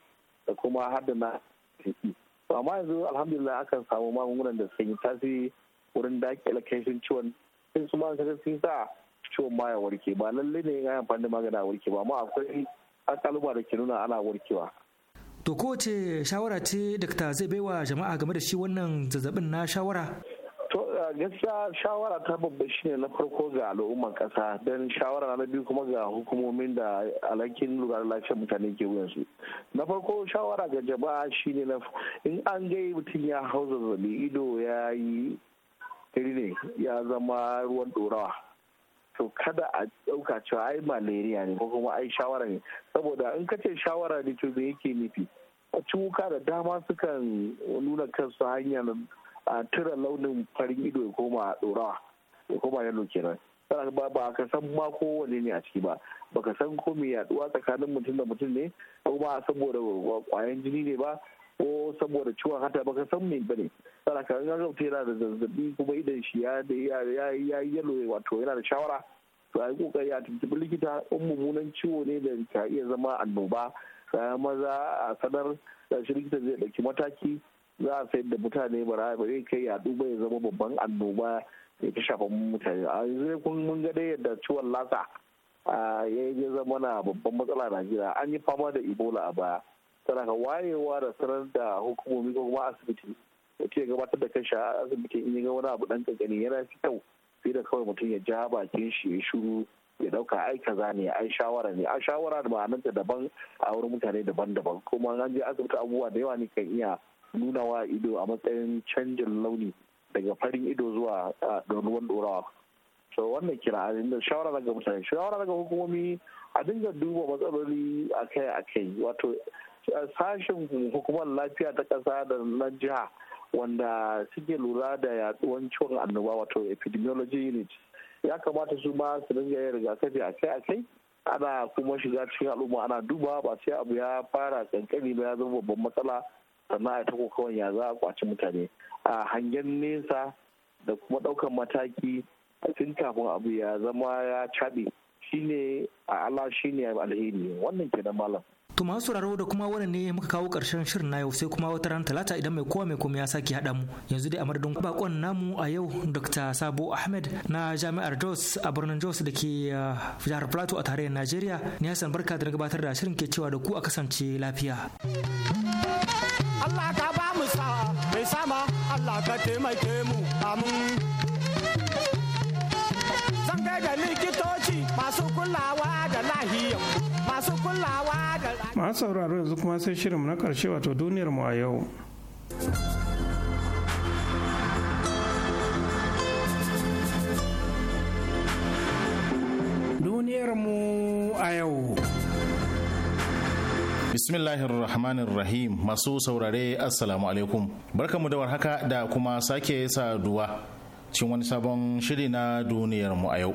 da kuma haddana to amma yanzu alhamdulillah akan samu magungunan da sun yi tasiri wurin dakile kaifin ciwon sun su maganin sun sa ciwon ma warke ba lallai ne ya amfani da magani a warke ba amma akwai akaluba da ke nuna ana warkewa To kowace shawara ce dakta zai baiwa jama'a game da shi wannan zazzabin na shawara? To eh, gaskiya shawara ta babba shi ne na farko ga al'ummar kasa don shawara na biyu kuma ga hukumomin da alhakin lura da lafiyar mutane ke wuyansu. Na farko shawara ga jama'a shi ne na in an gai mutum ya hau zazzabi ido ya yi ne ya zama ruwan ɗorawa. to kada a ɗauka cewa ai malaria ne ko kuma ai shawara ne saboda in ka ce shawara ne to me yake nufi a cuka da dama sukan nuna kansu hanyar a tura launin farin ido ya koma ɗorawa ya koma yalo kenan ba ba ka san ma kowane ne a ciki ba ba ka san ko me yaduwa tsakanin mutum da mutum ne ko ba saboda kwayan jini ne ba ko saboda ciwon hata ka san me bane saboda kan ga mutum yana da zazzabi kuma idan shi ya ya yalo wato yana da shawara to a yi kokari a tuntubi likita in mummunan ciwo ne da ka iya zama annoba maza a sanar da shi likita zai ɗauki mataki za a sayar da mutane bara ba zai kai ya duba ya zama babban annoba ya ta shafa mutane a yanzu kun mun ga dai yadda ciwon lasa ya yi zama na babban matsala a Najeriya an yi fama da Ebola a baya. ka wayewa da sanar da hukumomi ko kuma asibiti mutum ya gabatar da kanshi a asibitin in ya ga wani abu dan kankani yana fi kyau sai da kawai mutum ya ja bakin shi ya shuru ya dauka ai kaza ne ai shawara ne a shawara da ma'ananta daban a wurin mutane daban-daban kuma an je asibiti abubuwa da yawa ne kan iya nunawa ido a matsayin canjin launi daga farin ido zuwa ruwan dorawa so wannan kira da shawara daga mutane shawara daga hukumomi a dinga duba matsaloli akai-akai wato sashen hukumar lafiya ta ƙasa da na jiha wanda suke lura da yaduwan ciwon annoba wato epidemiology unit ya kamata su ba su dinga yin rigakafi a kai a kai ana kuma shiga cikin al'umma ana duba ba sai abu ya fara kankani ba ya zama babban matsala sannan a taɓa kawai ya za a kwaci mutane a hangen nesa da kuma ɗaukan mataki tun kafin abu ya zama ya caɓe shine a ala shine alheri wannan kenan malam To masu sauraro da kuma wannan ne muka kawo ƙarshen shirin na yau sai kuma wata ran talata idan mai kowa mai komai ya sake haɗa mu. Yanzu dai a madadin bakon namu a yau Dr. Sabo Ahmed na Jami'ar Jos a birnin Jos da ke uh, jihar Plateau a tarayyar Najeriya. Ni Hassan Barka da gabatar da shirin ke cewa da ku a kasance lafiya. Allah ka ba mu sa mai sama Allah ka taimake mu amin. Zan ga likitoci masu kulawa da lahiya masu kulawa masu sauraro yanzu kuma sai shirin na karshe wato duniyar mu a yau duniyar a yau Bismillahir Rahmanir Rahim masu saurare Assalamu alaikum. Barkamu da warhaka da kuma sake saduwa Cin wani sabon shiri na duniyarmu a yau.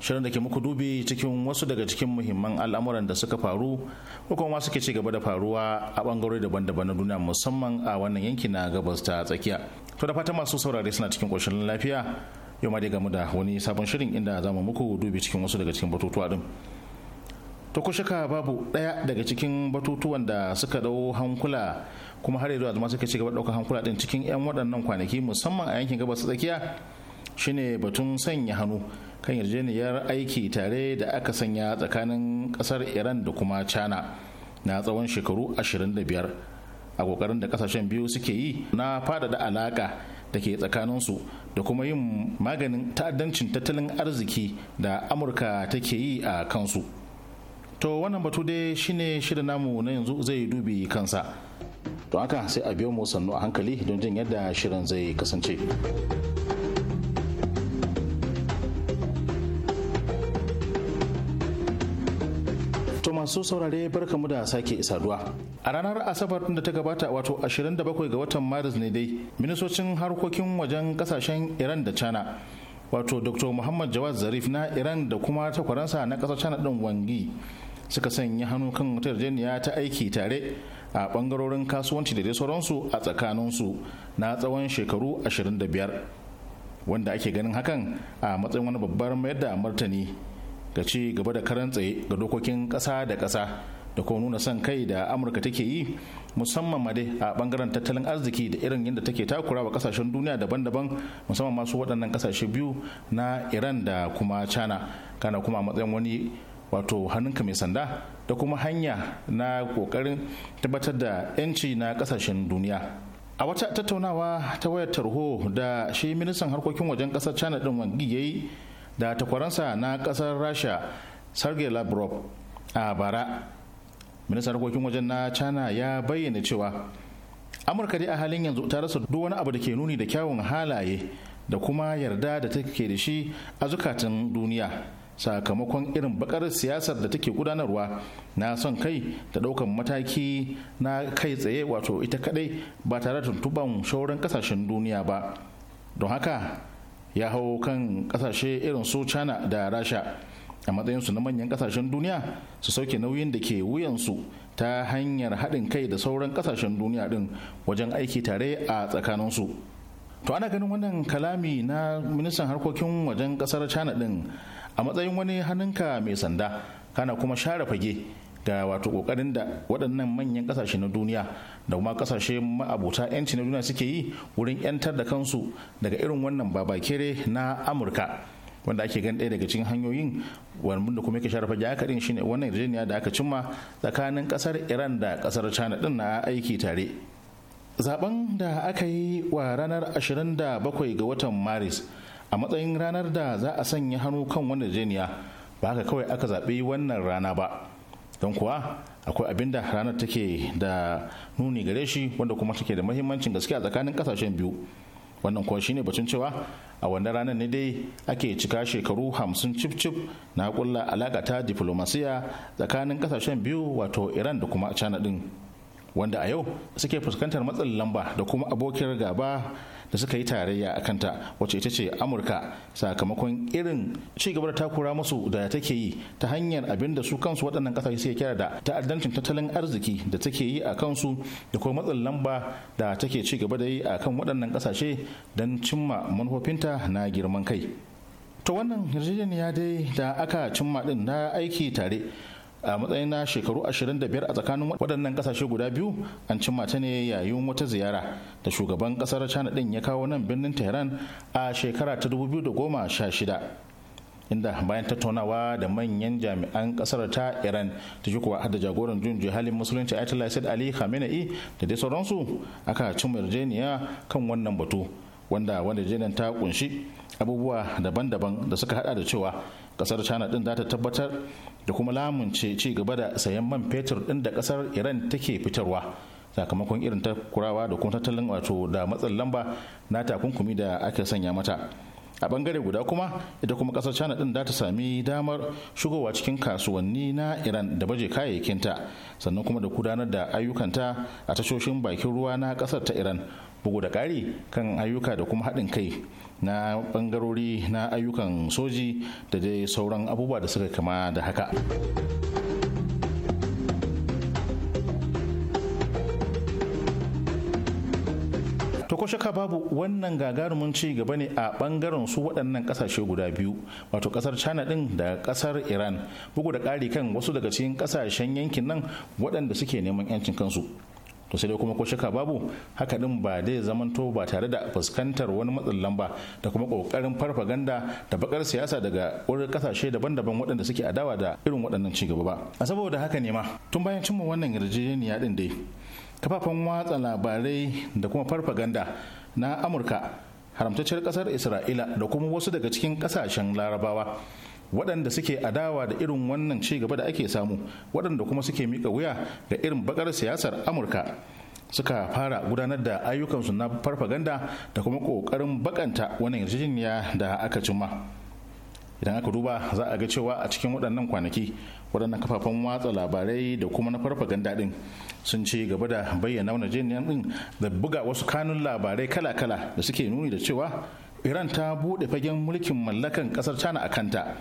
shirin da ke muku dubi cikin wasu daga cikin muhimman al'amuran da suka faru ko kuma suke ci gaba da faruwa a bangarori daban-daban na duniya musamman a wannan yanki na gabas ta tsakiya to da fatan masu saurare suna cikin koshin lafiya yau ma dai gamu da wani sabon shirin inda za mu muku dubi cikin wasu daga cikin batutuwa din to ko shaka babu ɗaya daga cikin batutuwan da suka dau hankula kuma har yanzu azuma suka ci gaba ɗaukar hankula din cikin 'yan waɗannan kwanaki musamman a yankin gabas tsakiya shine batun sanya hannu kan yarjejeniyar aiki tare da aka sanya tsakanin kasar iran da kuma china na tsawon shekaru 25 a kokarin da kasashen biyu suke yi na faɗaɗa alaƙa da ke tsakaninsu da kuma yin maganin ta'addancin tattalin arziki da amurka take yi a kansu to wannan batu dai shine shirin namu na yanzu zai dubi kansa to haka sai a biyo mu sannu a hankali don jin yadda shirin zai kasance. masu saurare mu da sake saduwa. A ranar Asabar da ta gabata wato 27 ga watan Maris ne dai, ministocin harkokin wajen kasashen Iran da China. Wato Dr. Muhammad Jawad Zarif na Iran da kuma takwaransa na kasar China ɗin Wangi suka sanya hannu kan wata janiya ta aiki tare a bangarorin kasuwanci da dai sauransu a tsakaninsu na tsawon shekaru 25 wanda ake ganin hakan a matsayin wani babbar mayar da martani ga ci gaba da karan tsaye ga dokokin ƙasa da kasa da kuma nuna son kai da amurka take yi musamman ma dai a bangaren tattalin arziki da irin yadda take takura wa kasashen duniya daban-daban musamman masu waɗannan kasashe biyu na iran da kuma china kana kuma a matsayin wani wato hannunka mai sanda da kuma hanya na kokarin tabbatar da 'yanci na kasashen duniya a wata tattaunawa ta wayar tarho da shi ministan harkokin wajen kasar china din wangi ya yi da takwaransa na kasar rasha sergei lavrov a bara ministan harkokin wajen na china ya bayyana cewa amurka dai a halin yanzu ta rasa duk wani abu da ke nuni da kyawun halaye da kuma yarda da take da shi a zukatan duniya sakamakon irin bakar siyasar da take gudanarwa na son kai da daukan mataki na kai tsaye wato ita kadai ba tare da tuntuban shauran kasashen duniya ba don haka ya hau kan kasashe irin su china da rasha a matsayinsu na manyan kasashen duniya su sauke nauyin da ke wuyansu ta hanyar haɗin kai da sauran kasashen duniya ɗin wajen aiki tare a tsakaninsu to ana ganin wannan kalami na ministan harkokin wajen ƙasar china ɗin a matsayin wani hannunka mai sanda kana kuma share fage da wato kokarin da waɗannan manyan kasashe na duniya da kuma kasashe ma'abuta 'yanci na duniya suke yi wurin 'yantar da kansu daga irin wannan babakere na amurka wanda ake gan ɗaya daga cikin hanyoyin wanda kuma yake share fage aka din ne wannan yarjejeniya da aka cimma tsakanin ƙasar iran da ƙasar china ɗin na aiki tare zaben da aka yi wa ranar 27 ga watan maris a matsayin ranar da za a sanya hannu kan wannan yarjejeniya ba haka kawai aka zaɓi wannan rana ba don kuwa akwai abin da ranar take da nuni gare shi wanda kuma take da mahimmancin gaske a tsakanin kasashen biyu wannan kuwa shine bacin cewa a wannan ranar ne dai ake cika shekaru hamsin cif cif na kulla alaka ta diplomasiya tsakanin kasashen biyu wato iran da kuma china din wanda a yau suke fuskantar matsin lamba da kuma abokin gaba da suka yi tarayya a kanta wacce ita ce amurka sakamakon irin ci da takura musu da take yi ta hanyar abin da su kansu waɗannan ƙasashe suke kira da ta'addancin tattalin arziki da take yi a kansu da kuma matsin lamba da take cigaba da yi a kan waɗannan ƙasashe don cimma manufofinta na girman kai to wannan yarjejeniya dai da aka cimma din na aiki tare a matsayin na shekaru 25 a tsakanin waɗannan ƙasashe guda biyu an cimma ta ne yayin wata ziyara da shugaban ƙasar china ɗin ya kawo nan birnin tehran a shekara ta 2016 inda bayan tattaunawa da manyan jami'an ƙasar ta iran ta kuwa hada jagoran jun halin musulunci ayatollah said ali khamenei da dai sauransu aka ci yarjeniya kan wannan batu wanda wanda yarjeniyar ta kunshi abubuwa daban-daban da suka hada da cewa kasar china din za ta tabbatar da kuma lamunce ci gaba da sayan man fetur din da kasar iran take fitarwa sakamakon irin takurawa da kuma tattalin wato da matsin lamba na takunkumi da ake sanya mata a bangare guda kuma ita kuma kasar china din za ta sami damar shigowa cikin kasuwanni na iran da baje kayayyakin ta sannan kuma da gudanar da ayyukanta a tashoshin bakin ruwa na kasar ta iran bugu da ƙari kan ayyuka da kuma haɗin kai na bangarori na ayyukan soji da dai sauran abubuwa da suka kama da haka ko shaka babu wannan gagarumin ci gaba ne a bangaren su waɗannan ƙasashe guda biyu wato ƙasar china ɗin da ƙasar iran bugu da ƙari kan wasu daga cikin ƙasashen yankin nan waɗanda suke neman 'yancin kansu to sai dai kuma ko shaka babu haka din ba zai zamanto ba tare da fuskantar wani matsin lamba da kuma kokarin farfaganda da bakar siyasa daga wurin kasashe daban-daban waɗanda suke adawa da irin waɗannan cigaba ba a saboda haka ne ma tun bayan cimma wannan yarjejeniya din dai kafafen watsa labarai da kuma farfaganda na amurka haramtacciyar kasar isra'ila da kuma wasu daga cikin kasashen larabawa waɗanda suke adawa da irin wannan ci gaba da ake samu waɗanda kuma suke mika wuya ga irin bakar siyasar amurka suka fara gudanar da ayyukansu na farfaganda da kuma ƙoƙarin bakanta wani yarjejeniya da aka cimma idan aka duba za a ga cewa a cikin waɗannan kwanaki waɗannan kafafen watsa labarai da kuma na farfaganda ɗin sun ci gaba da bayyana wani jiniyan ɗin da buga wasu kanun labarai kala-kala da suke nuni da cewa iran ta buɗe fagen mulkin mallakan ƙasar china a kanta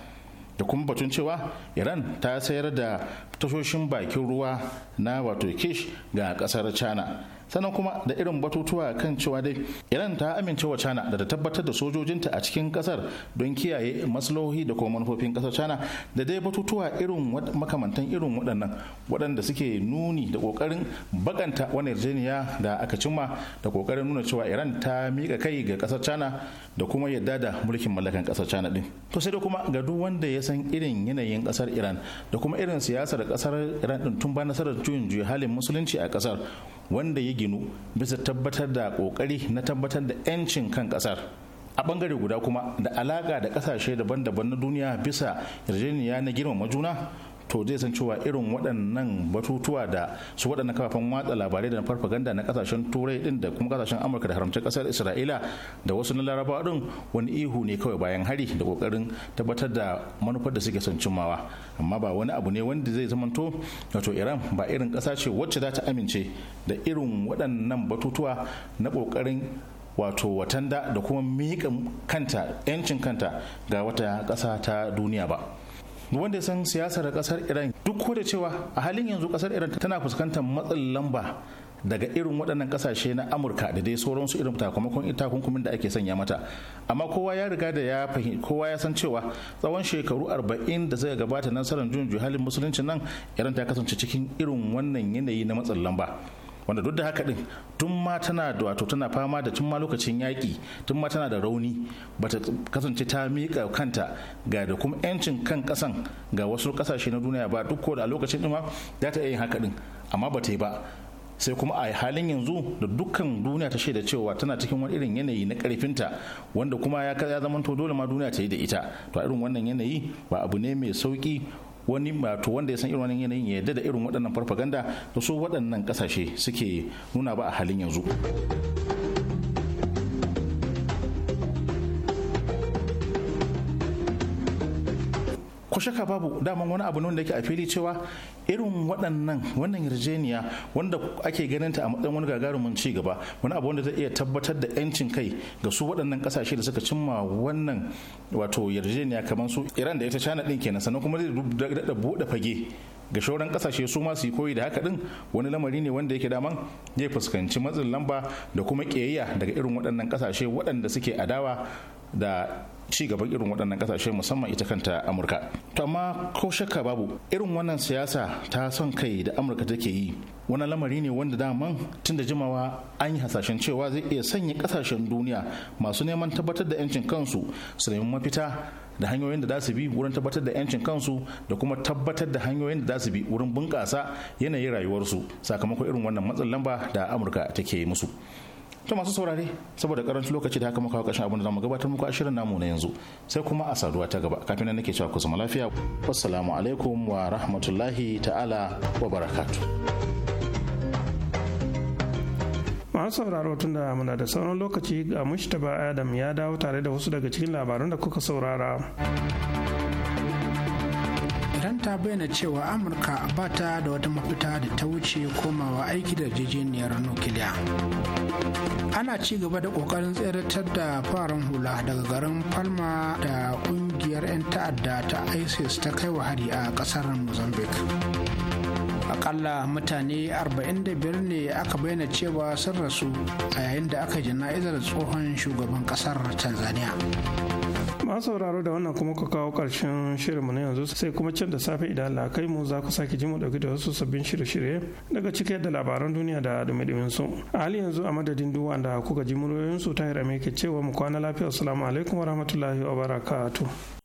da kuma batun cewa iran ta sayar da tashoshin bakin ruwa na wato kish ga kasar china sannan kuma da irin batutuwa kan cewa dai iran ta amincewa china da ta tabbatar da sojojinta a cikin kasar don kiyaye maslahohi da kuma manufofin kasar china da dai batutuwa irin makamantan irin waɗannan waɗanda suke nuni da ƙoƙarin bakanta wani yarjejeniya da aka cimma da ƙoƙarin nuna cewa iran ta miƙa kai ga kasar china da kuma yadda da mulkin mallakan kasar china din to sai da kuma ga duk wanda ya san irin yanayin kasar iran da kuma irin siyasar kasar iran din tun ba nasarar juyin juya halin musulunci a kasar wanda ya ginu bisa tabbatar da kokari na tabbatar da 'yancin kan kasar a bangare guda kuma da alaka da kasashe daban-daban na duniya bisa yarjejeniya na girmama juna to zai san cewa irin waɗannan batutuwa da su waɗannan kafafen watsa labarai da na farfaganda na kasashen turai din da kuma kasashen amurka da haramcin ƙasar isra'ila da wasu na larabawa din wani ihu ne kawai bayan hari da ƙoƙarin tabbatar da manufar da suke son cimmawa amma ba wani abu ne wanda zai zamanto wato iran ba irin ƙasa ce wacce za ta amince da irin waɗannan batutuwa na ƙoƙarin wato watanda da kuma miƙa kanta 'yancin kanta ga wata ƙasa ta duniya ba wanda ya san siyasar kasar iran duk da cewa a halin yanzu kasar iran tana fuskantar matsin lamba daga irin waɗannan kasashe na amurka da dai sauransu irin takunkumin kunkumin da ake sanya mata amma kowa ya riga da ya fahim kowa ya san cewa tsawon shekaru 40 da zai gabata nasarar jun halin musulunci nan iran ta kasance cikin irin wannan yanayi na matsin lamba wanda duk da haka din tun ma tana da wato tana fama da tun ma lokacin yaƙi tun ma tana da rauni ba ta kasance ta miƙa kanta ga da kuma 'yancin kan ƙasan ga wasu ƙasashe na duniya ba duk ko da lokacin ɗin ma za ta iya yin haka din amma ba ta yi ba sai kuma a halin yanzu da dukkan duniya ta shaida cewa tana cikin wani irin yanayi na karfinta wanda kuma ya zama to dole ma duniya ta yi da ita to a irin wannan yanayi ba abu ne mai sauki wani wato wanda ya san irin wani yanayin ya yadda da irin waɗannan farfaganda da su waɗannan ƙasashe suke nuna ba a halin yanzu. ko shaka babu daman wani abu ne da yake a fili cewa irin waɗannan wannan yarjejeniya wanda ake ganin ta a matsayin wani gagarumin ci gaba wani abu wanda zai iya tabbatar da yancin kai ga su waɗannan kasashe da suka cimma wannan wato yarjejeniya kamar su iran da ita china din kenan sannan kuma zai daɗa buɗe fage ga shauran kasashe su ma su yi koyi da haka din wani lamari ne wanda yake daman zai fuskanci matsin lamba da kuma ƙiyayya daga irin waɗannan kasashe waɗanda suke adawa da ci gaban irin waɗannan ƙasashe musamman ita kanta amurka to amma ko shakka babu irin wannan siyasa ta son kai da amurka take yi wani lamari ne wanda daman tun da jimawa an yi hasashen cewa zai iya sanya ƙasashen duniya masu neman tabbatar da 'yancin kansu su nemi mafita da hanyoyin da za su bi wurin tabbatar da 'yancin kansu da kuma tabbatar da hanyoyin da za su bi wurin bunƙasa yanayin rayuwarsu sakamakon irin wannan matsin lamba da amurka take musu to masu saurare saboda karancin lokaci da haka muka kawo ƙarshen abin da zamu gabatar muku a shirin namu na yanzu sai kuma a saduwa ta gaba kafin nan nake cewa ku zama lafiya assalamu alaikum wa rahmatullahi ta'ala wa barakatu. masu sauraro tun da muna da sauran lokaci ga mushtaba adam ya dawo tare da wasu daga cikin labaran da kuka saurara. ta bayyana cewa amurka ba ta da wata mafita da ta wuce komawa aiki da yarjejeniyar nukiliya ana ci gaba da kokarin tseratar da farin hula daga garin palma da kungiyar 'yan ta'adda ta isis ta kai wa hari a kasar mozambique akalla mutane 45 ne aka bayyana cewa sun rasu a yayin da aka jana'izar tsohon shugaban kasar tanzania Ma sauraro da wannan kuma ka kawo ƙarshen shirinmu na yanzu sai kuma can da safe idan Allah kai mu za ku sake ji mu dauki da wasu sabbin shirye-shirye daga cike da labaran duniya da dumi-dumin su a hali yanzu a madadin duk da kuka ji muryoyin su ta hira ke cewa mu kwana lafiya assalamu alaikum rahmatullahi wa barakatuh